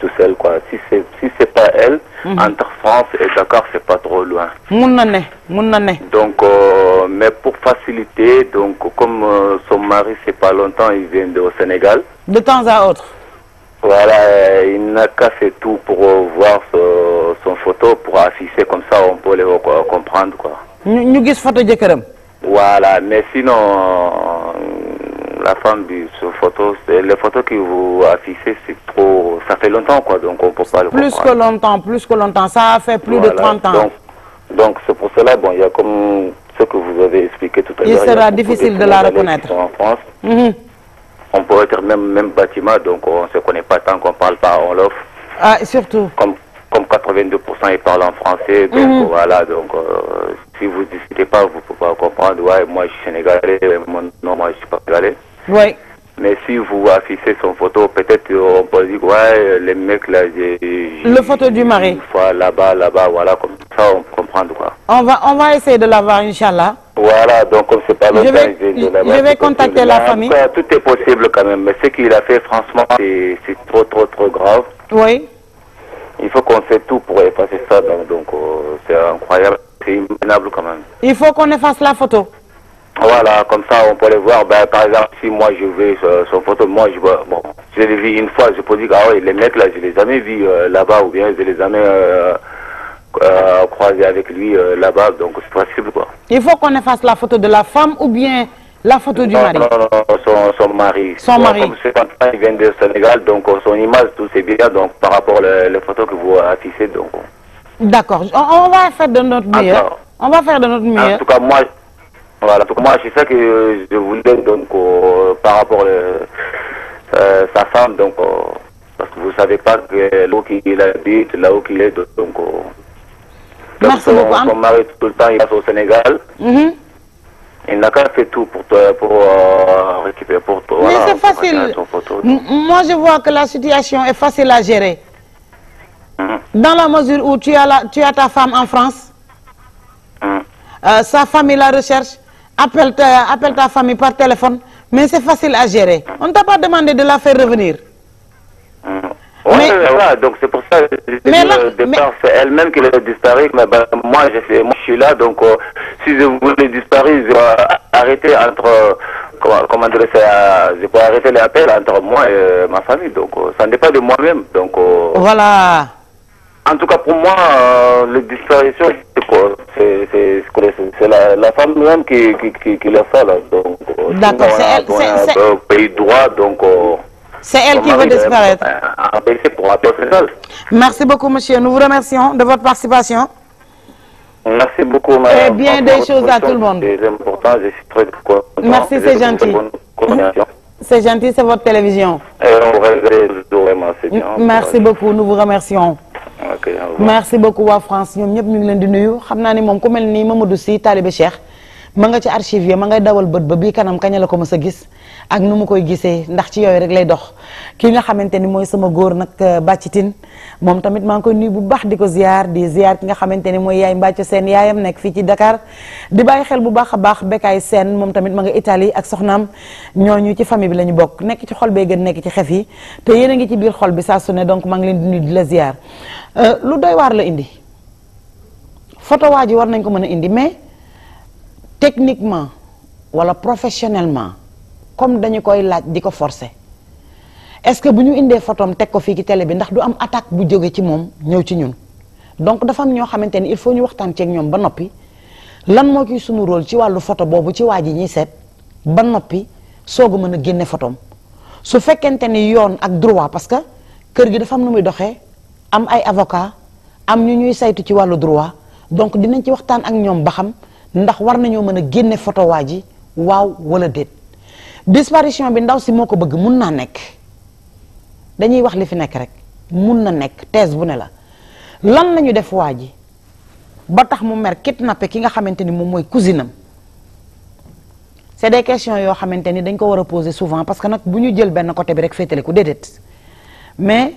tout seul quoi si c'est si c'est pas elle. Mhm. entre France et Dakar c'est pas trop loin. mon année donc euh, mais pour faciliter donc comme euh, son mari c'est pas longtemps il vient au Sénégal. de temps à autre. Voilà, euh, il n'a qu'à faire tout pour voir son, photo, pour afficher comme ça, on peut le comprendre. quoi. Voilà, mais sinon, la femme de sur photo, les photos qui vous affichez, c'est trop. Ça fait longtemps, quoi, donc on peut pas le Plus que longtemps, plus que longtemps. Ça a fait plus de 30 ans. Donc, c'est pour cela, bon, il y a comme ce que vous avez expliqué tout à l'heure. Il sera difficile de la reconnaître. Mhm. On peut être même, même bâtiment, donc on ne se connaît pas tant qu'on ne parle pas en l'offre. Ah, surtout. Comme, comme 82% ils parlent en français, donc mhm. voilà, donc euh, si vous ne discutez pas, vous ne pouvez pas comprendre. Ouais, moi je suis sénégalais, non, moi je ne suis pas sénégalais. Oui. Mais si vous affichez son photo, peut-être on peut dire, ouais, les mecs là, j'ai... Le photo du mari. Là-bas, là-bas, voilà, comme ça on comprend quoi. On va, on va essayer de l'avoir, Inch'Allah. Voilà, donc comme c'est pas le je vais, je, je vais contacter la famille. tout est possible quand même, mais ce qu'il a fait, franchement, c'est trop, trop, trop grave. Oui. Il faut qu'on fasse tout pour effacer ça, donc euh, c'est incroyable, c'est immenable quand même. Il faut qu'on efface la photo. Ah, voilà, comme ça on peut les voir. Ben, par exemple, si moi je vais son euh, sur photo, moi je bon, je les vu une fois, je peux dire ah ouais, les mecs là, je les ai jamais vus euh, là-bas ou bien je les ai jamais euh, euh croisés avec lui là-bas, donc c'est possible quoi. Il faut qu'on efface la photo de la femme ou bien la photo du mari. Non, non, son, son mari. Son mari. il vient de Sénégal, donc son image, tout c'est bien, donc par rapport aux photos que vous affichez, donc. D'accord, on, va faire de notre mieux. Hein. On va faire de notre mieux. En tout cas, moi, voilà, donc moi, c'est ça que je voulais, donc, par rapport à euh, euh, sa femme, donc, parce que vous savez pas que l'eau qu'il habite, là où il est, donc, donc son, hein. son, mari, tout le temps, il passe au Sénégal. Mm-hmm. Il n'a qu'à faire tout pour, toi, pour euh, récupérer pour toi. Mais c'est facile. moi, je vois que la situation est facile à gérer. Mm-hmm. Dans la mesure où tu as, la, tu as ta femme en France, mm-hmm. sa femme, il la recherche, appelle ta, appelle ta famille par téléphone, mais c'est facile à gérer. On ne t'a pas demandé de la faire revenir. Oui, mais, voilà, donc c'est pour ça que c'est elle-même qui l'a disparu. Mais bah, moi, je moi, je suis là, donc euh, si je voulais disparaître, je dois arrêter entre, comment, dire ça, je peux arrêter les appels entre moi et ma famille. Donc euh, ça n'est dépend de moi-même. Donc euh, Voilà. En tout cas, pour moi, euh, la disparition, c'est quoi C'est la, femme même qui, l'a fait, là. D'accord, c'est elle. C'est donc... c'est elle qui veut disparaître. Euh, Merci beaucoup, monsieur. Nous vous remercions de votre participation. Merci beaucoup, madame. Et bien des choses à tout le monde. je suis très content. Merci, c'est gentil. C'est gentil, c'est votre télévision. Et on vraiment, bien. Merci beaucoup, nous vous remercions. Okay, merci beaucoup waa France ñoom ñëpp ñu ngi leen di nuyu xam naa ni moom ku mel ni Mamadou Sy taalibe Cheikh ma nga ci archive ya ma ngay dawal bët ba bii kanam kañ la ko mës sa gis ak nu mu koy gisee ndax ci yooyu rek lay dox ki nga xamante ni mooy sama góor nag euh, bàccitin moom tamit maa ngi koy nuyu bu baax di ko ziar di ziar ki nga xamante ni mooy yaay mbàcc seen yaayam nekk fii ci dakaar di bàyyi xel bu baax a baax bekkaay seen moom tamit ma nga Italie ak soxnaam ñooñu ci famille bi la ñu bokk nekk ci xol bee gën nekk ci xef yi te yéen a ngi ci biir xol bi saa su ne donc maa ngi leen di nuyu di la ziar euh, lu doy waar la indi waa ji war nañ ko mën a indi mais techniquement wala professionnellement comme dañu koy laaj di ko forcer est-ce que bu ñu indee photom teg ko fii ci télé bi ndax du am attaque bu jógee ci moom ñëw ci ñun donc dafa am ñoo xamante ni il faut ñu waxtaan ñoom ba noppi lan moo ciy sunu rôle ci wàllu photo boobu ci waa ji ñuy seet ba noppi soog mën a génne photom su fekkente ni yoon ak droit parce que kër gi dafa am nu muy doxee am ay avocat am ñu ñuy saytu ci wàllu droit donc dinañ ci waxtaan ak ñoom ba xam ndax war nañoo mën a génne photo waa ji waaw wala déet disparition bi ndaw si moo ko bëgg mun naa nekk dañuy wax li fi nekk rek mun na nekk thèse bu ne la lan la ñu def waa ji ba tax mu mer kidnappé ki nga xamante ni moom mooy cousinam c'est des questions dañ ko poser souvent parce que jël côté bi rek ko mais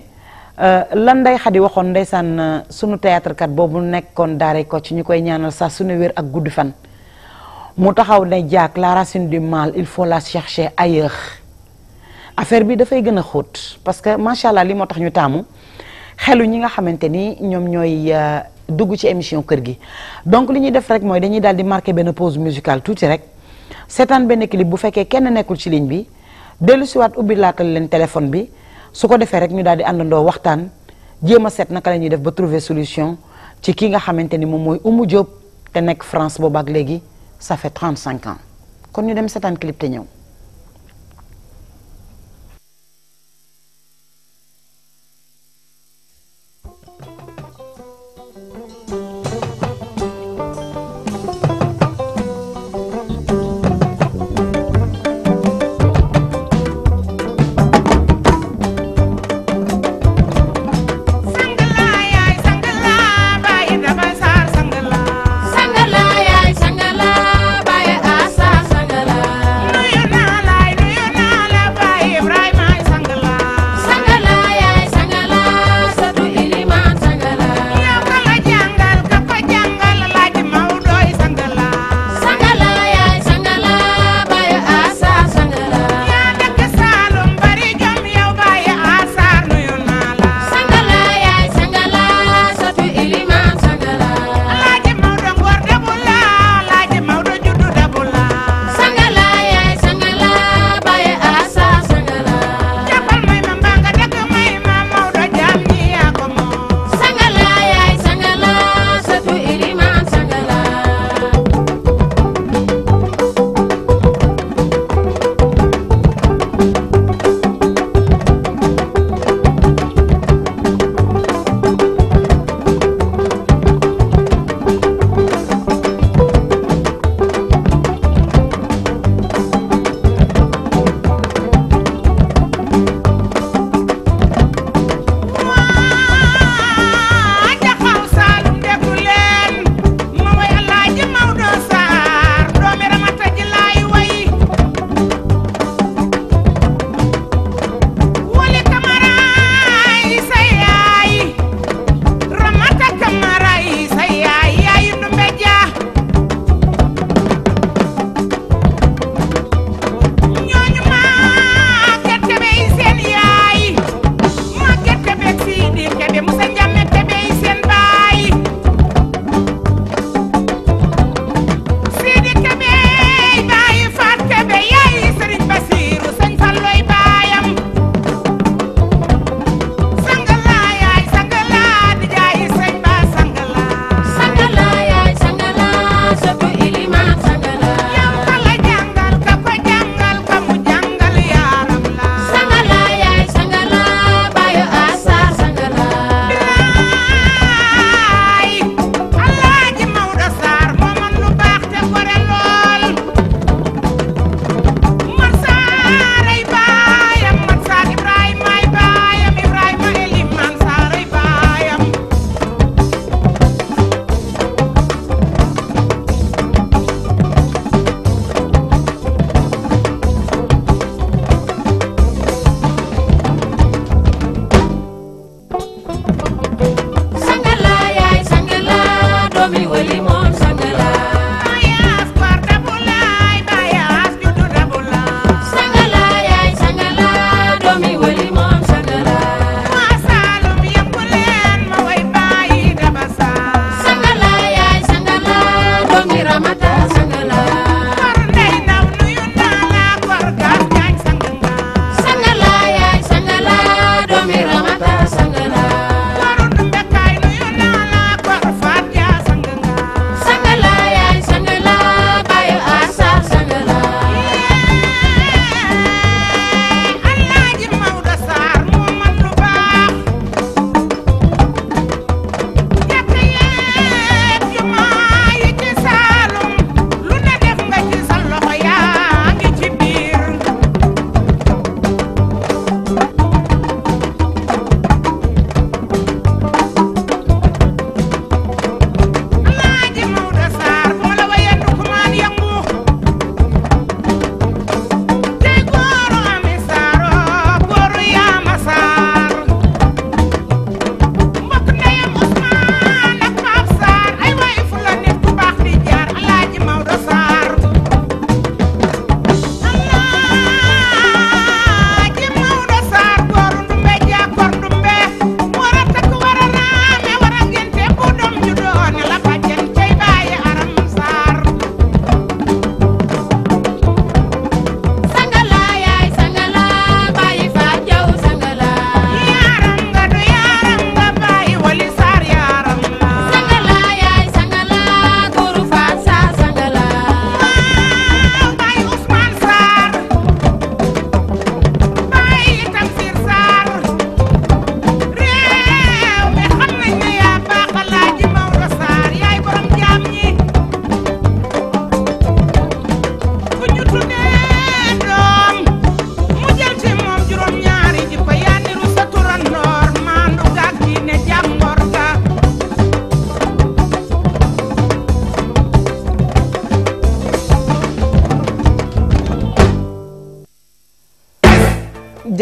euh, lan xadi euh, sunu théâtre kat boobu nekkoon daaray ko ci ñu ñaanal saa ak fan mu taxaw ne jak la racine du mal il faut la chercher ailleurs affaire bi da fay gëna xoot parce que machallah li motax ñu tamu xelu ñi nga xamanteni ñom ñoy euh, dugg ci émission kër gi donc li ñuy def rek moy dañuy daldi di marqué benn pause musicale tuuti rek sétane ben clip bu féké kenn nekkul ci ligne bi delu dellu siwaat ubbi laatal leen téléphone bi suko ko rek ñu daldi andando àndandoo waxtaan jéem a naka la ñuy def ba trouver solution ci ki nga xamanteni mom moy mooy Oumou Diop te nekk France bobak légui ça fait 35 ans Quand nous dem cette clip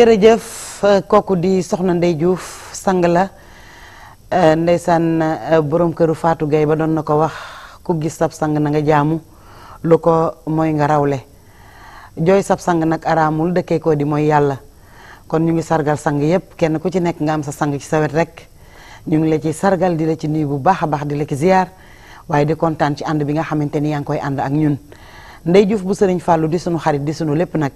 jërëjëf euh, koku di soxna Ndey Diouf sang la euh, ndeysaan euh, borom keuru Fatou gay ba don nako wax ku gis sab sang na nga jaamu lu ko nga rawle joy sap sang nag araamul dëkkee ko di moy yalla kon ñu ngi sargal sang yëpp kenn ku ci nek nga am sa sang ci sawet rek ñu ngi la ci sargal di la ci nuyu bu baax baax di la ci ziar waye di contane ci and bi nga xamanteni yang koy and ak ñun Ndey Diouf bu serigne fallou di sunu xarit di sunu lepp nak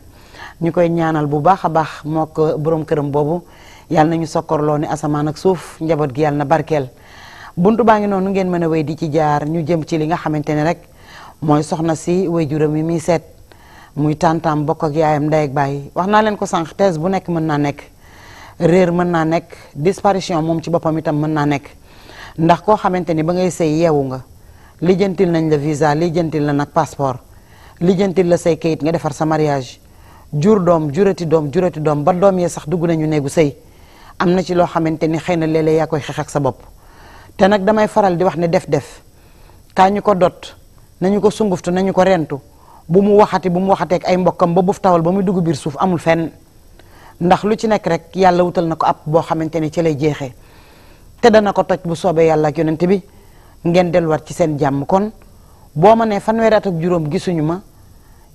ñu koy ñaanal bu baaxa baax moko borom kërëm bobu yalla nañu sokkorloo ni asaman ak suuf njabot gi yalla na barkel buntu baangi nonu ngeen mëna a di ci jaar ñu jëm ci li nga xamantene rek moy soxna si way mi mi muy muy tantam bokk ak yaayam nday ak bay waxna naa leen ko sank tes bu nek mëna nek rër mëna nek disparition mom ci bopam itam mëna nek ndax ko xamanteni ba ngay sey yewu nga lijeentil nañ la visa lijeentil la nak passeport lijeentil la sey kayit nga defar sa mariage jur doom jurati doom jurati doom ba doom yee sax dugg nañu néegu sëy am na ci loo xamante ni xëy na léeg yaa koy xeex ak sa bopp te nag damay faral di wax ne def-def kaa ñu ko dot nañu ko sunguftu nañu ko rentu bu mu waxati bu mu waxateeg ay mbokkam ba buuf tawal ba muy dugg biir suuf amul fen ndax lu ci nekk rek yàlla wutal na ko ab boo xamante ni ci lay jeexee te dana ko toj bu soobee yàlla ak yonent bi ngeen wat ci seen jàmm kon boo ma ne fanweeri juróom gisuñu ma.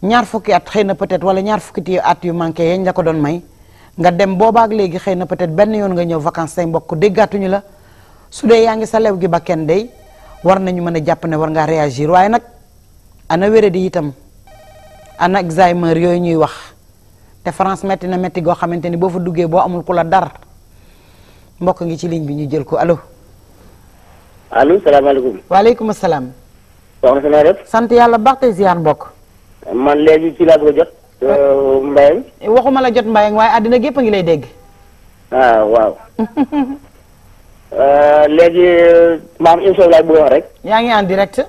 ñaar fukki at xeyna peut-être wala ñaar fukki at yu manké yañ la ko doon may nga dem boba ak légui xeyna peut-être ben yoon nga ñew vacances say mbokk déggatuñu la su dee sa lew gi bakken day war nañu mëna japp né war nga réagir waye nak ana wéré di itam ana examen yoy ñuy wax te France metti na metti go xamanteni bo fa duggé bo amul kula dar mbokk ngi ci ligne bi ñu jël ko allo. allo salaamaaleykum. alaykum wa alaykum assalam sant yalla te ziar mbokk. man léegi ci laa bëgg jot. Ah. Euh, Mbayang. waxuma la jot Mbayang waaye àddina gépp ngi lay dégg. ah waaw. Euh, léegi euh, maam émission bi rek. yaa ngi en direct.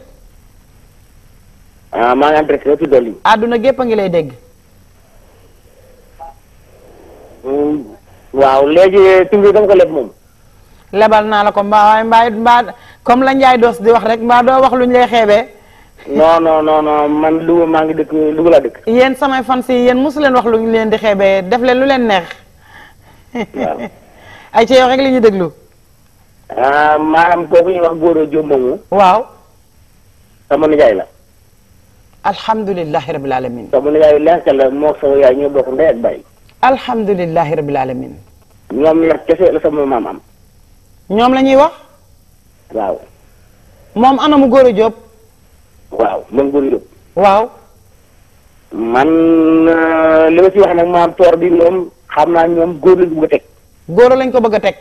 ah maa ngi en direct rek ci dolli. àdduna gépp a ngi lay dégg. Hmm, waaw léegi Tumbi dama ko leb moom. lebal naa la ko mbaa waaye mbaa mbaa la Njaay Doos di wax rek mbaa doo wax luñ lay xeebee. non no non non man Louga maa ngi dëkk Louga laa dëkk. yéen samay fans yi yéen mosu leen wax lu ñu leen di xeebee def leen lu leen neex. ay ci yow rek li ñu déglu. ah maanaam kooku ñuy wax Gora Diop moomu. waaw. sama nijaay la. alhamdulilahi rabil alamin. sama nijaay lenk la moo sama yaay ñoo bokk ndey ak baay. alhamdulilahi rabil alamin. ñoom nag kese la sama maam am. ñoom la ñuy wax. waaw. moom anamu Gora Diop. waaw Mangor Diop. waaw. man euh, li ma ci wax nag maam toor bi moom xam naa ñoom góor lañ ko bëgg a teg. góor lañ ko bëgg a teg.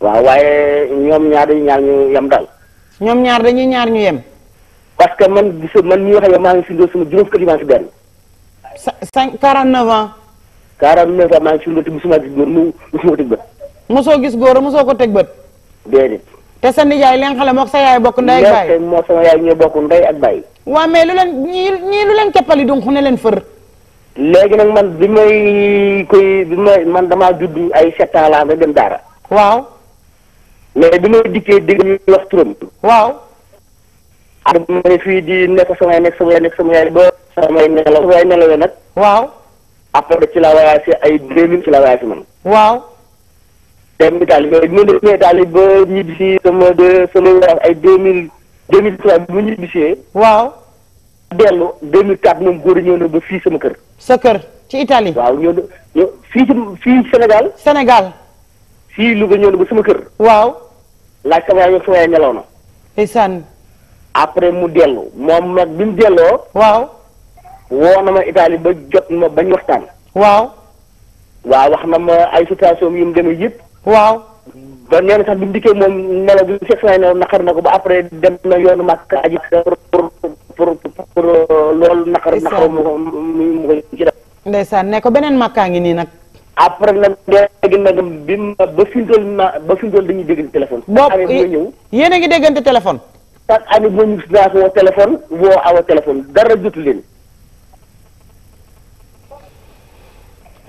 waaw waaye ñoom ñaar dañuy ñaar ñu yem daal. ñoom ñaar dañuy ñaar ñu yem. parce que man gis man mii wax ak maa ngi sundoo sama juróom fukki maa ngi si benn. sa cinq quarante neuf ans. quarante neuf ans maa ngi sundoo te musuma gis góor mu musuma ko teg bët. mosoo gis góor mosoo ko teg bët. déedéet. te sa nijaay leen xale mook sa yaay bokk ndey ak baay moo sama yaay ñoo waaw mais lu leen ñii ñii lu leen keppali dunq ne leen fër léegi nag man bi may koy bi may man damaa judd ay sept ans laa nga dem daara waaw mais bi may dikkee dégg ñu wax turam waaw ad ma fii di nekk sama yaay nekk sama yaay nekk sama yaay samay nelaw samay nelaw nag waaw après ci la voyagé ay deux mille ci la voyagé man waaw dem bi taalibe bi ma demee taalibe ba ñibbisi sama de sama ay deux mille deux mille trois bi ma ñibbisee. waaw. dellu deux mille quatre moom góor ñëw na ba fii sama kër. sa kër ci itali waaw ñëw na fii fii Sénégal. Sénégal. fii Louga ñëw na ba sama kër. waaw. laaj sama yaay sama yaay nelaw na. ndeysaan. après mu dellu moom nag bi mu delloo. waaw. woo na ma Italie ba jot ma bañ waxtaan. waaw. waaw wax na ma ay situation yi mu demee yépp waaw ba nee na sax bi dikkee moom nelaw bi seex naa nelaw naqar na ko ba après dem na yoonu màkk aji pour pour pour euh, loolu naqar naqar mu ko mu ko ci def ndeysaan ne ko beneen màkkaa ngi nii nag après nag léegi nag bi ma ba fintool ma ba fintool dañuy déggante téléphone boobu ñëw yéen a ngi déggante téléphone chaque année boo ñu naa ko téléphone woo awa téléphone dara jotu leen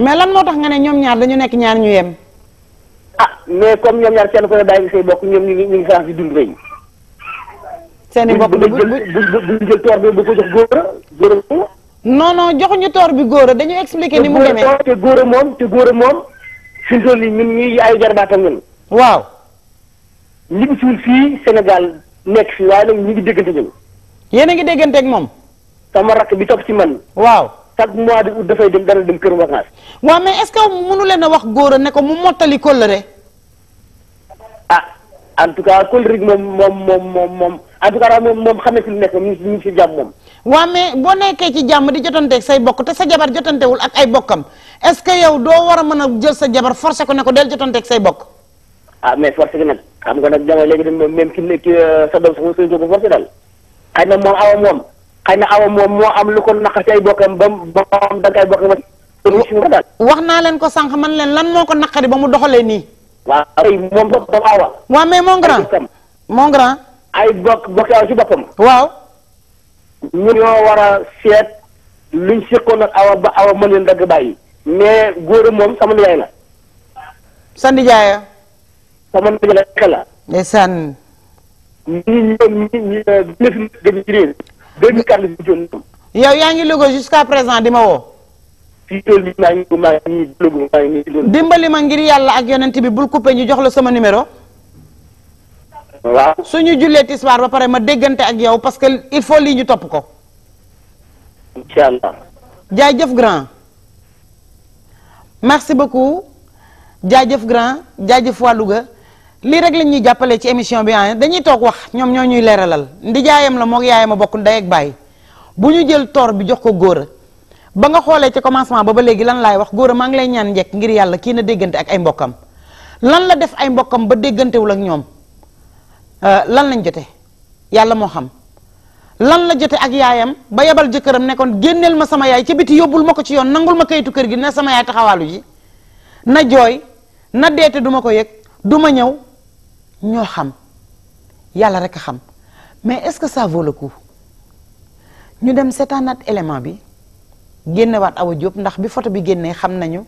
mais lan nga ñaar dañu ñaar ñu yem ah mais comme ñoom ñaar kenn ku ne bàyyi say bokk ñoom ñu ngi ñu di dund rëy. seen i bokk bu bu bu jël toor bi bu ko jox góor a góor a. non non toor bi góor a dañu expliqué ni mu demee te góor a moom te góor a moom fi mu toll nii ñun ñii ay jarbaatam ñun. waaw. ñu ngi suul fii Sénégal nekk fii waaye nag ñu ngi déggante ñun. yéen a ngi déggante ak moom. sama rakk bi topp si man. waaw. chaque mois dafay dem dara dem kër vacances. waaw mais est-ce que mënu leen a wax góor a ne ko mu mottali kóllëre. ah en tout cas kóllëre moom moom moom moom moom en moom moom xam na ci lu nekk moom ñu ngi si jàmm moom. waaw mais boo nekkee ci jàmm di jotanteeg say bokk te sa jabar jotantewul ak ay bokkam est-ce que yow doo war a mën a jël sa jabar forcé ko ne ko del jotanteeg say bokk. ah mais forcé ko nag nga nag jamono léegi dañ moom même ki euh, sa doom sax mos a jóg forcé daal xëy na moom awa moom. xayna na awa moom am lu ko naqar ci ay bokkam bam bam da ngay bokkam wax na len ko sank man len lan moko nakari ba mu ni wa ay mom bok boppam wa wa mais mon grand mon grand. ay bok bok aw si boppam. ñu ñoo wara set nak awa ba awa len dag mais goor mom sama la. sa sama la. 2004 la yaa ngi Louga jusqu'à présent di ma woo. dimbali ma ngir yàlla ak yonent bi bul coupé ñu jox la sama numéro. waaw su ñu jullee tisbaar ba pare ma déggante ak yow parce que il faut lii ñu topp ko. incha allah. jaajëf grand. merci beaucoup jaajëf grand jaajëf waa Louga. lii rek lañ ñuy jàppale ci émission bi ah dañuy toog wax ñoom ñoo ñuy leeralal ndijaayam la moog yaayam a bokk ndey ak bàyyi bu ñu jël toor bi jox ko góora ba nga xoolee ci commencement ba ba léegi lan laay wax góora maa ngi lay ñaan njekk ngir yàlla kii na déggante ak ay mbokkam lan la def ay mbokkam ba déggantewul ak ñoom euh, lan lañ jote yàlla moo xam lan la jote ak yaayam ba yebal jëkkëram nekkoon génneel ma sama yaay ci biti yóbbul ma ko ci yoon nangul ma kayitu kër gi na sama yaay ji na jooy na deete duma ko yëg duma ñëw ñoo xam yàlla rek a xam mais est-ce que ça vaut ñu dem seetaanaat élément bi génnewaat Awa Diop ndax bi photo bi génnee xam nañu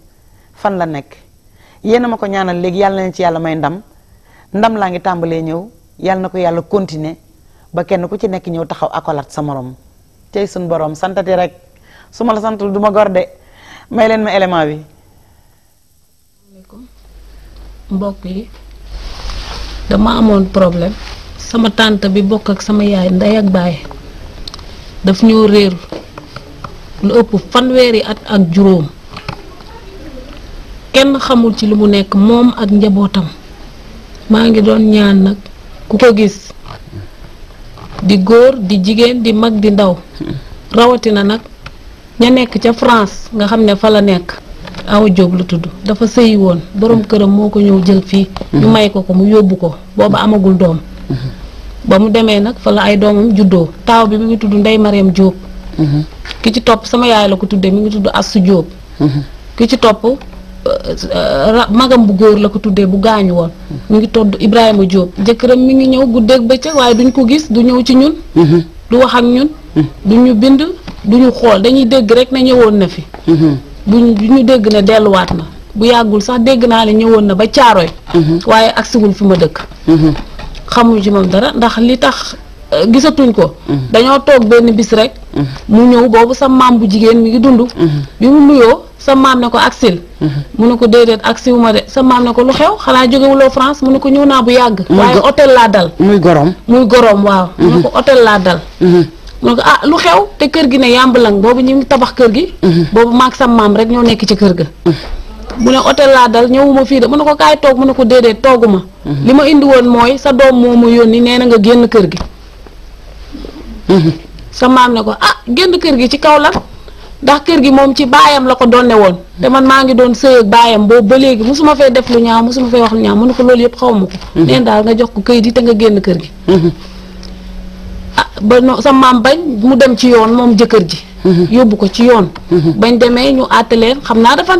fan la nekk yéena ma ko ñaanal léegi yàlla nañ ci yàlla may ndam ndam laa ngi tàmbalee ñëw yàlla na ko yàlla continuer ba kenn ku ci nekk ñëw taxaw akolaat sa morom tey suñ borom santati rek su ma la santul du ma gor de may leen ma élément bi dama amoon problème sama tante bi bokk ak sama yaay ndey ak baay daf ñoo réer lu ëpp fanweeri at ak juróom kenn xamul ci li mu nekk moom ak njabootam maa ngi doon ñaan nag ku ko gis di góor di jigéen di mag di ndaw rawatina nag ña nekk ca France nga xam ne fa la nekk Awa Diop lu tudd dafa sëyi woon boroom këram moo ko ñëw jël fii. ñu mhm. may ko ko mu yóbbu ko booba amagul doom. Mhm. ba mu demee nag fa la ay doomam juddoo taaw bi mu ngi tudd Ndey Mariam Diop. Mhm. ki ci topp sama yaay ko tuddee mi ngi tudd Assu Diop. ki ci topp euh, magam bu góor la ko tuddee bu gaañu woon. mu ngi todd Ibrahima jóob jëkkëram mi ngi ñëw guddeeg bëccëg waaye duñ ko gis du ñëw ci ñun. du wax ak ñun. du ñu bind du ñu xool dañuy dégg rek na ñëwoon na fi. buñ bu ñu dégg ne delluwaat na bu yàggul sax dégg naa ne ñëwoon na ba caaroy mhm. waaye agsiwul fi ma dëkk mhm. xamuñ ci moom dara ndax li tax euh, gisatuñ ko mhm. dañoo toog benn bis rek mu ñëw boobu sa maam bu jigéen mi ngi dund bi mu nuyoo sa maam ne ko agsil mu ne ko déedéet agsiwu ma de sa maam ne ko lu xew xanaa jógewuloo France mu ne ko ñëw naa bu yàgg waaye hôtel laa dal muy goroom muy gorom waaw mu ne ko hôtel laa dal donc ah lu xew te keur gi ne yàmbalang bobu ñu ngi tabax keur gi. Mhm. boobu maag sam mam rek ñoo nekk ci keur ga. Mhm. mu ne hotel la dal ñewuma fi de mu ne ko kay tok mu ne ko dede toguma mhm. lima indi won moy sa dom momu yoni neena nga genn keur gi. sa mam ne ko ah genn keur gi ci kaw la ndax keur gi mom ci bayam la ko donne won te man ma ngi don sey ak bayam bo ba legi musuma fe def lu ñaaw musuma fe wax lu ñaaw mu ne ko lool yëpp xawmu ko. neen dal nga jox ko keuy di te nga genn keur gi. ba no sa maam bañ mu dem ci yoon moom jëkkër ji mhm. yóbbu ko ci yoon mhm. bañ demee ñu àtte leen xam naa dafa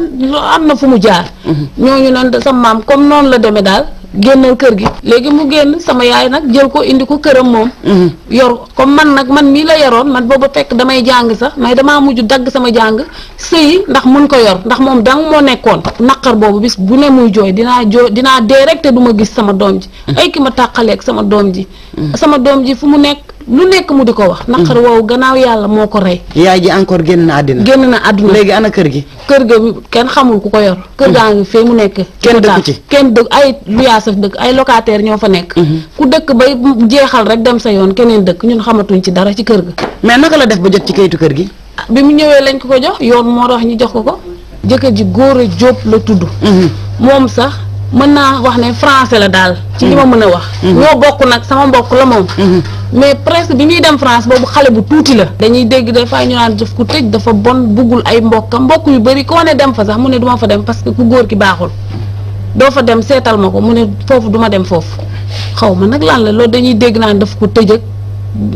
am na fu mu jaar mhm. ñooñu noonu sa maam comme noonu la demee daal génnal kër gi léegi mu génn sama yaay nag jël ko indi ko këram moom yor comme man nag man mii la yoroon man booba fekk damay jàng sax mais damaa mujj dagg sama jàng sëyi ndax mun ko yor ndax moom dang moo nekkoon naqar boobu bis bu ne muy jooy dinaa jooy dinaa dee rek te du gis sama doom ji ay ki ma tàqaleeg sama doom ji sama doom ji fu mu nekk lu nekk mu di ko wax. naqar mm-hmm. woowu gannaaw yàlla moo ko rey. yaay ji encore génn na àddina. génn na àddina léegi ana kër gi. kër ga kenn xamul ku ko yor. kër gaa ngi fee mu nekk. Mm-hmm. kenn dëkku ci kenn dëkk ay luyaasaf dëkk ay locataire ñoo fa nekk. Mm-hmm. ku dëkk bay jeexal rek dem sa yoon keneen dëkk ñun xamatuñ ci dara ci kër ga. mais naka la def ba jot ci kayitu kër gi. Ah, bi mu ñëwee lañ ko ko jox yoon moo wax ñu jox ko ko. jëkkër ji góor a jóob la tudd. moom sax. mën naa wax ne français la daal. ci li ma mën a wax. Mhm. Mhm. ñoo bokk nag sama mbokk la moom. Mhm. mais presque bi ñuy dem France boobu xale bu tuuti la. dañuy dégg dafay ñu naan jëf ko tëj dafa bon buggul ay mbokkam mbokk yu bëri koo ne dem fa sax mu ne duma fa dem parce que ku góor ki baaxul doo fa dem seetal ma ko mu ne foofu duma dem foofu xaw ma nag lan la loolu dañuy dégg naan daf ko tëj ak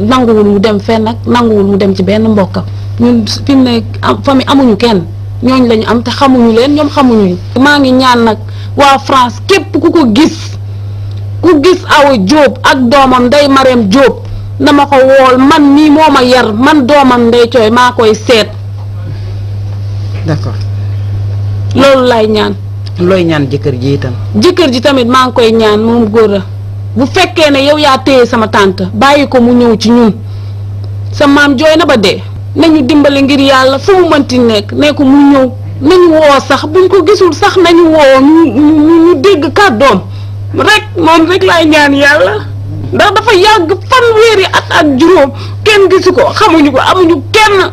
nanguwul mu dem fenn ak nanguwul mu dem ci benn mbokkam ñun fi mu ne famille amuñu kenn. ñooñ lañu am te xamuñu leen ñoom xamuñu maa ngi ñaan nag waa France képp ku ko gis ku gis Awa Diop ak doomam Ndeye Marème Diop na ma ko wool man mii moo ma yar man doomam Ndeye Coy maa koy seet d'accord loolu laay ñaan looy ñaan jëkkër ji itam jëkkër ji tamit maa ngi koy ñaan moom góor bu fekkee ne yow yaa téye sama tànt bàyyi ko mu ñëw ci ñun sa maam jooy na ba dee nañu dimbali ngir yàlla fu mu mënti nekk ne ko mu ñëw nañu woo sax buñ ko gisul sax nañu woo ñu ñu dégg kàddoom rek moom rek laay ñaan yàlla ndax dafa yàgg fanweeri at ak juróom kenn gisu ko xamuñu ko amuñu kenn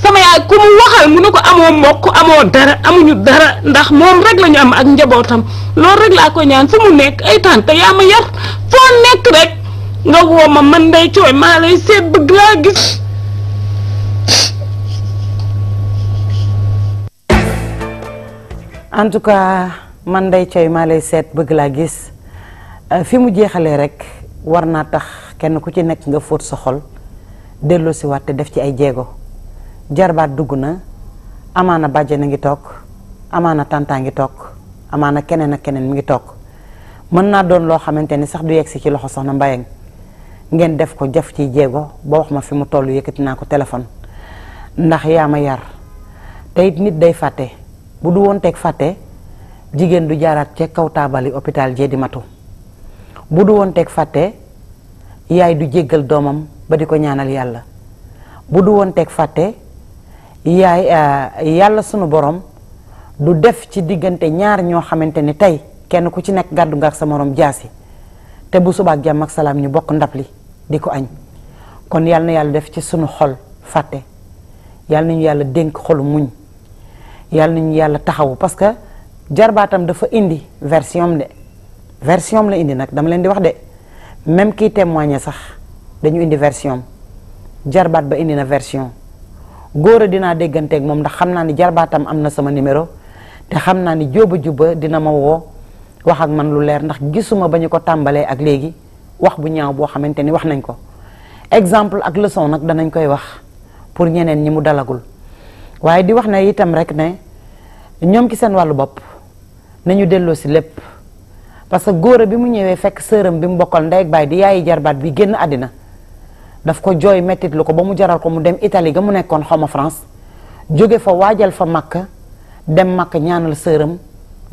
sama yaay ku mu waxal mu ne ko amoo mbokk amoo dara amuñu dara ndax moom rek lañu am ak njabootam loolu rek laa ko ñaan fu mu nekk ay tànte yaa ma yar foo nekk rek nga woo ma man day cooy maa lay seet bëgg laa gis. en tout cas man Ndeye Coy maa lay seet bëgg laa gis euh, fi mu jeexalee rek war naa tax kenn ku ci nekk nga fóot sa xol delloo si waat te def ci ay jéego jarbaat dugg na amaana bàjjen a ngi toog amaana tàntaa ngi toog amaana keneen ak keneen mi ngi toog mën naa doon loo xamante ni sax du yegg si ci loxo soxna Mbayang ngeen def ko jaf ci jéego ba wax ma fi mu toll yëkkati naa ko téléphone ndax yaa ma yar te nit day fàtte bu du woon teg fàtte jigéen du jaaraat ca kaw taabali hôpital jee di matu bu du woon teg fàtte yaay du jéggal doomam ba di ko ñaanal yàlla bu du woon teg fàtte yaay euh, yàlla sunu borom du def ci diggante ñaar ñoo xamante ni tey kenn ku ci nekk gàddu nga ak sa morom jaasi te bu subaak jàmm ak salaam ñu bokk ndab li di ko añ kon yàlla na yàlla def ci sunu xol fàtte yàlla nañu yàlla dénk xolu muñ yàlla nañu yàlla taxawu parce que jarbaatam dafa indi version de version la indi nag dama leen di wax de même kii témoigné sax dañu indi version jarbaat ba indi na version góor a dinaa dégganteeg moom ndax xam naa ni jarbaatam am na sama numéro te xam naa ni jóoba juba dina ma woo wax ak man lu leer ndax gisuma ba ñu ko tàmbalee ak léegi wax bu ñaaw boo xamante ni wax nañ ko exemple ak leçon nag danañ koy wax pour ñeneen ñi mu dalagul waye di wax na itam rek ne ñom ki seen walu bop nañu delo ci lepp parce que goor bi mu ñewé fekk sëram bi mu bokkal nday ak bay di yaay jarbat bi genn adina daf ko joy metit lu ko ba mu jaral ko mu dem italy ga mu nekkon xoma France joge fa wajal fa Makka dem Makka ñaanal sëram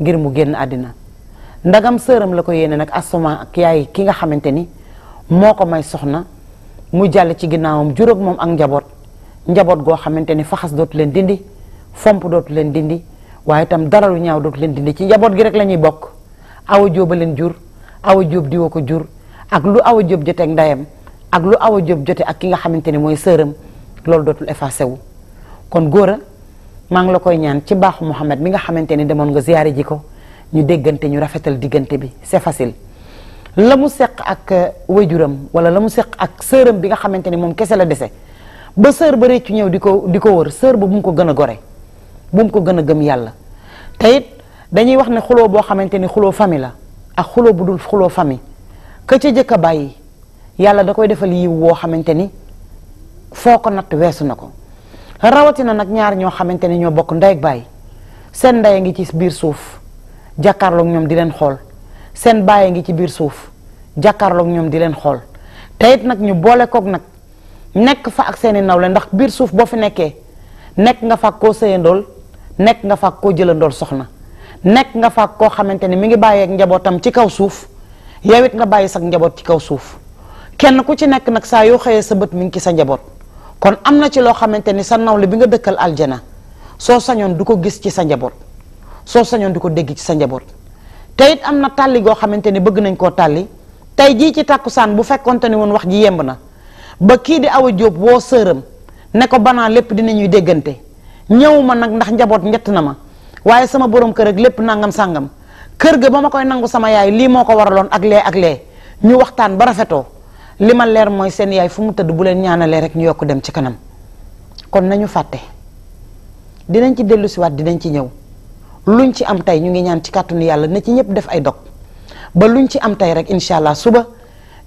ngir mu genn adina ndagam sëram la ko nak nag asuma ak yaay ki nga xamanteni moko may soxna mu jall ci ginnaawam juróog mom ak njabot njaboot goo xamante ni faxas dootu leen dindi fomp dootu leen dindi waaye itam dara ñaaw dootu leen dindi ci njaboot gi rek la ñuy bokk awa jóoba leen jur awa jóob diwa ko jur ak lu awa jóob jote ak ndayam ak lu awa jóob jote ak ki nga xamante ni mooy sëram loolu dootul effacé wu kon góor maa ngi la koy ñaan ci baaxu Mouhamed mi nga xamante ni demoon nga ziyaare ji ko ñu déggante ñu rafetal diggante bi c'est facile la mu seq ak euh, wajuram wala la mu seq ak sëram bi nga xamante ni moom kese la dese ba sër ba réccu ñëw di ko di ko wër sër ba bu mu ko gën a gore bu mu ko gën a gëm yàlla te it dañuy wax ne xuloo boo xamante ni xuloo famille la ak xuloo bu dul xuloo famille ka ca jëkk a bàyyi yàlla da koy defal yiw woo xamante ni foo ko natt weesu na ko rawatina nag ñaar ñoo xamante ni ñoo bokk ndey ak baay seen ndey a ngi ci biir suuf jàkkaarloog ñoom di leen xool seen baay a ngi ci biir suuf jàkkaarloog ñoom di leen xool nag ñu boole koog nag nekk fa ak seeni nawle ndax biir suuf boo fi nekkee nekk nga fa koo sëyandool nekk nga fa koo jëlandool soxna nekk nga fa koo xamante ni mi ngi bàyyeek njabootam ci kaw suuf yow nga bàyyi sax njaboot ci kaw suuf kenn ku ci nekk nag saa yoo xëyee sa bët mi ngi ci sa njaboot kon am na ci loo xamante ni sa nawle bi nga dëkkal aljana soo sañoon du ko gis ci sa njaboot soo sañoon du ko dégg ci sa njaboot te am na tàlli goo xamante ni bëgg nañ koo tàlli tey jii ci tàkkusaan bu fekkonte ni woon wax ji yemb na ba ki di awu job wo seureum ne ko bana lepp dinañu deggante ñewuma nak ndax njabot na ma sama borom kër ak lepp nangam sangam kër ga bama ma koy nangu sama yaay li moko waralon ak lé ak lé ñu waxtaan ba rafeto lima ma leer mooy seen yaay fu mu tedd bu len rek ñu dem ci kanam kon nañu faté dinañ ci wat dinañ ci ñew luñ ci am tay ñu ngi ñaan ci katunu yalla na ci ñepp def ay dog ba luñ ci am tay rek inshallah suba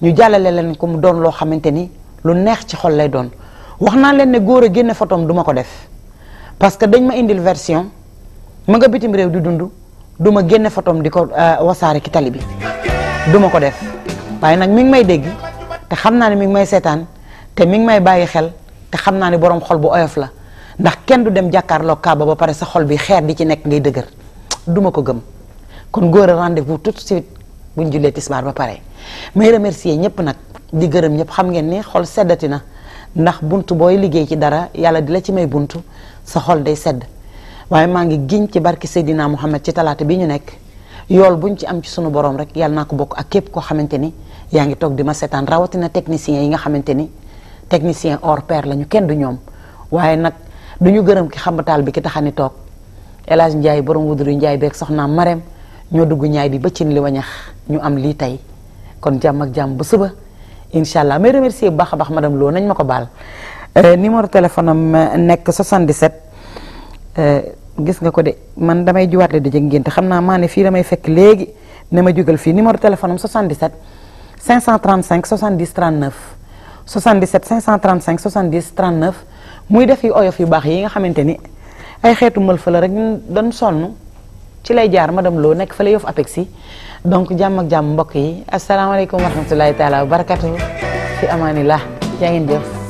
ñu jàllale leen ko mu doon lo xamanteni lu neex ci xol lay doon wax naa leen ne góor a génne fotoom duma ko def parce que dañ ma indil version ma nga bitim réew di dund du ma génne fotoom di ko euh, wasaare ki tali bi duma ko def waaye nag mi ngi may dégg te xam naa ne mi ngi may seetaan te mi ngi may bàyyi xel te xam naa ne borom xol bu oyof la ndax kenn du dem jàkkaarloo kaaba ba pare sa xol bi xeer di ci nekk ngay dëgër duma ko gëm kon góor a rendez-vous tout de suite buñ jullee tisbaar ba pare may remercier ñëpp nag. di gërëm ñëpp xam ngeen ni xol seddati na ndax bunt booy liggéey ci dara yàlla di la ci may bunt sa xol day sedd waaye maa ngi giñ ci barki Seydina Muhammad ci talaata bi ñu nekk yool buñ ci am ci sunu borom rek yàlla naa ko bokk ak képp koo xamante ni yaa ngi toog di ma seetaan rawatina techniciens yi nga xamante ni technicien hors pair lañu kenn du ñoom waaye nag du ñu gërëm ki xam taal bi ki taxani toog El Hadj Ndiaye borom wuduru Ndiaye beeg soxnaam Marème ñoo dugg ñaay bi ba cin li wañax ñu am lii tey kon jàmm ak jàmm ba suba. incha allah may remercier bu baax a baax madame nañ ma ko baal euh, numéro euh, nekk am nekk 77 gis nga ko de man damay jiwaat di jëg ngénte xam naa maa ne fii damay fekk léegi ne ma jugal fii numéro téléphone am 77 535 70 39 77 535 70 39 muy def yu oyof yu baax yi nga xamante ni ay xeetu mbël fa la rek dañ sonn ci lay jaar madame Lo nekk fa la yof APEXI donc jàmm ak jàmm mbokk yi asalaamaaleykum wa rahmatulahi taala wa barakatuhu fi amaanillah yaa ngeen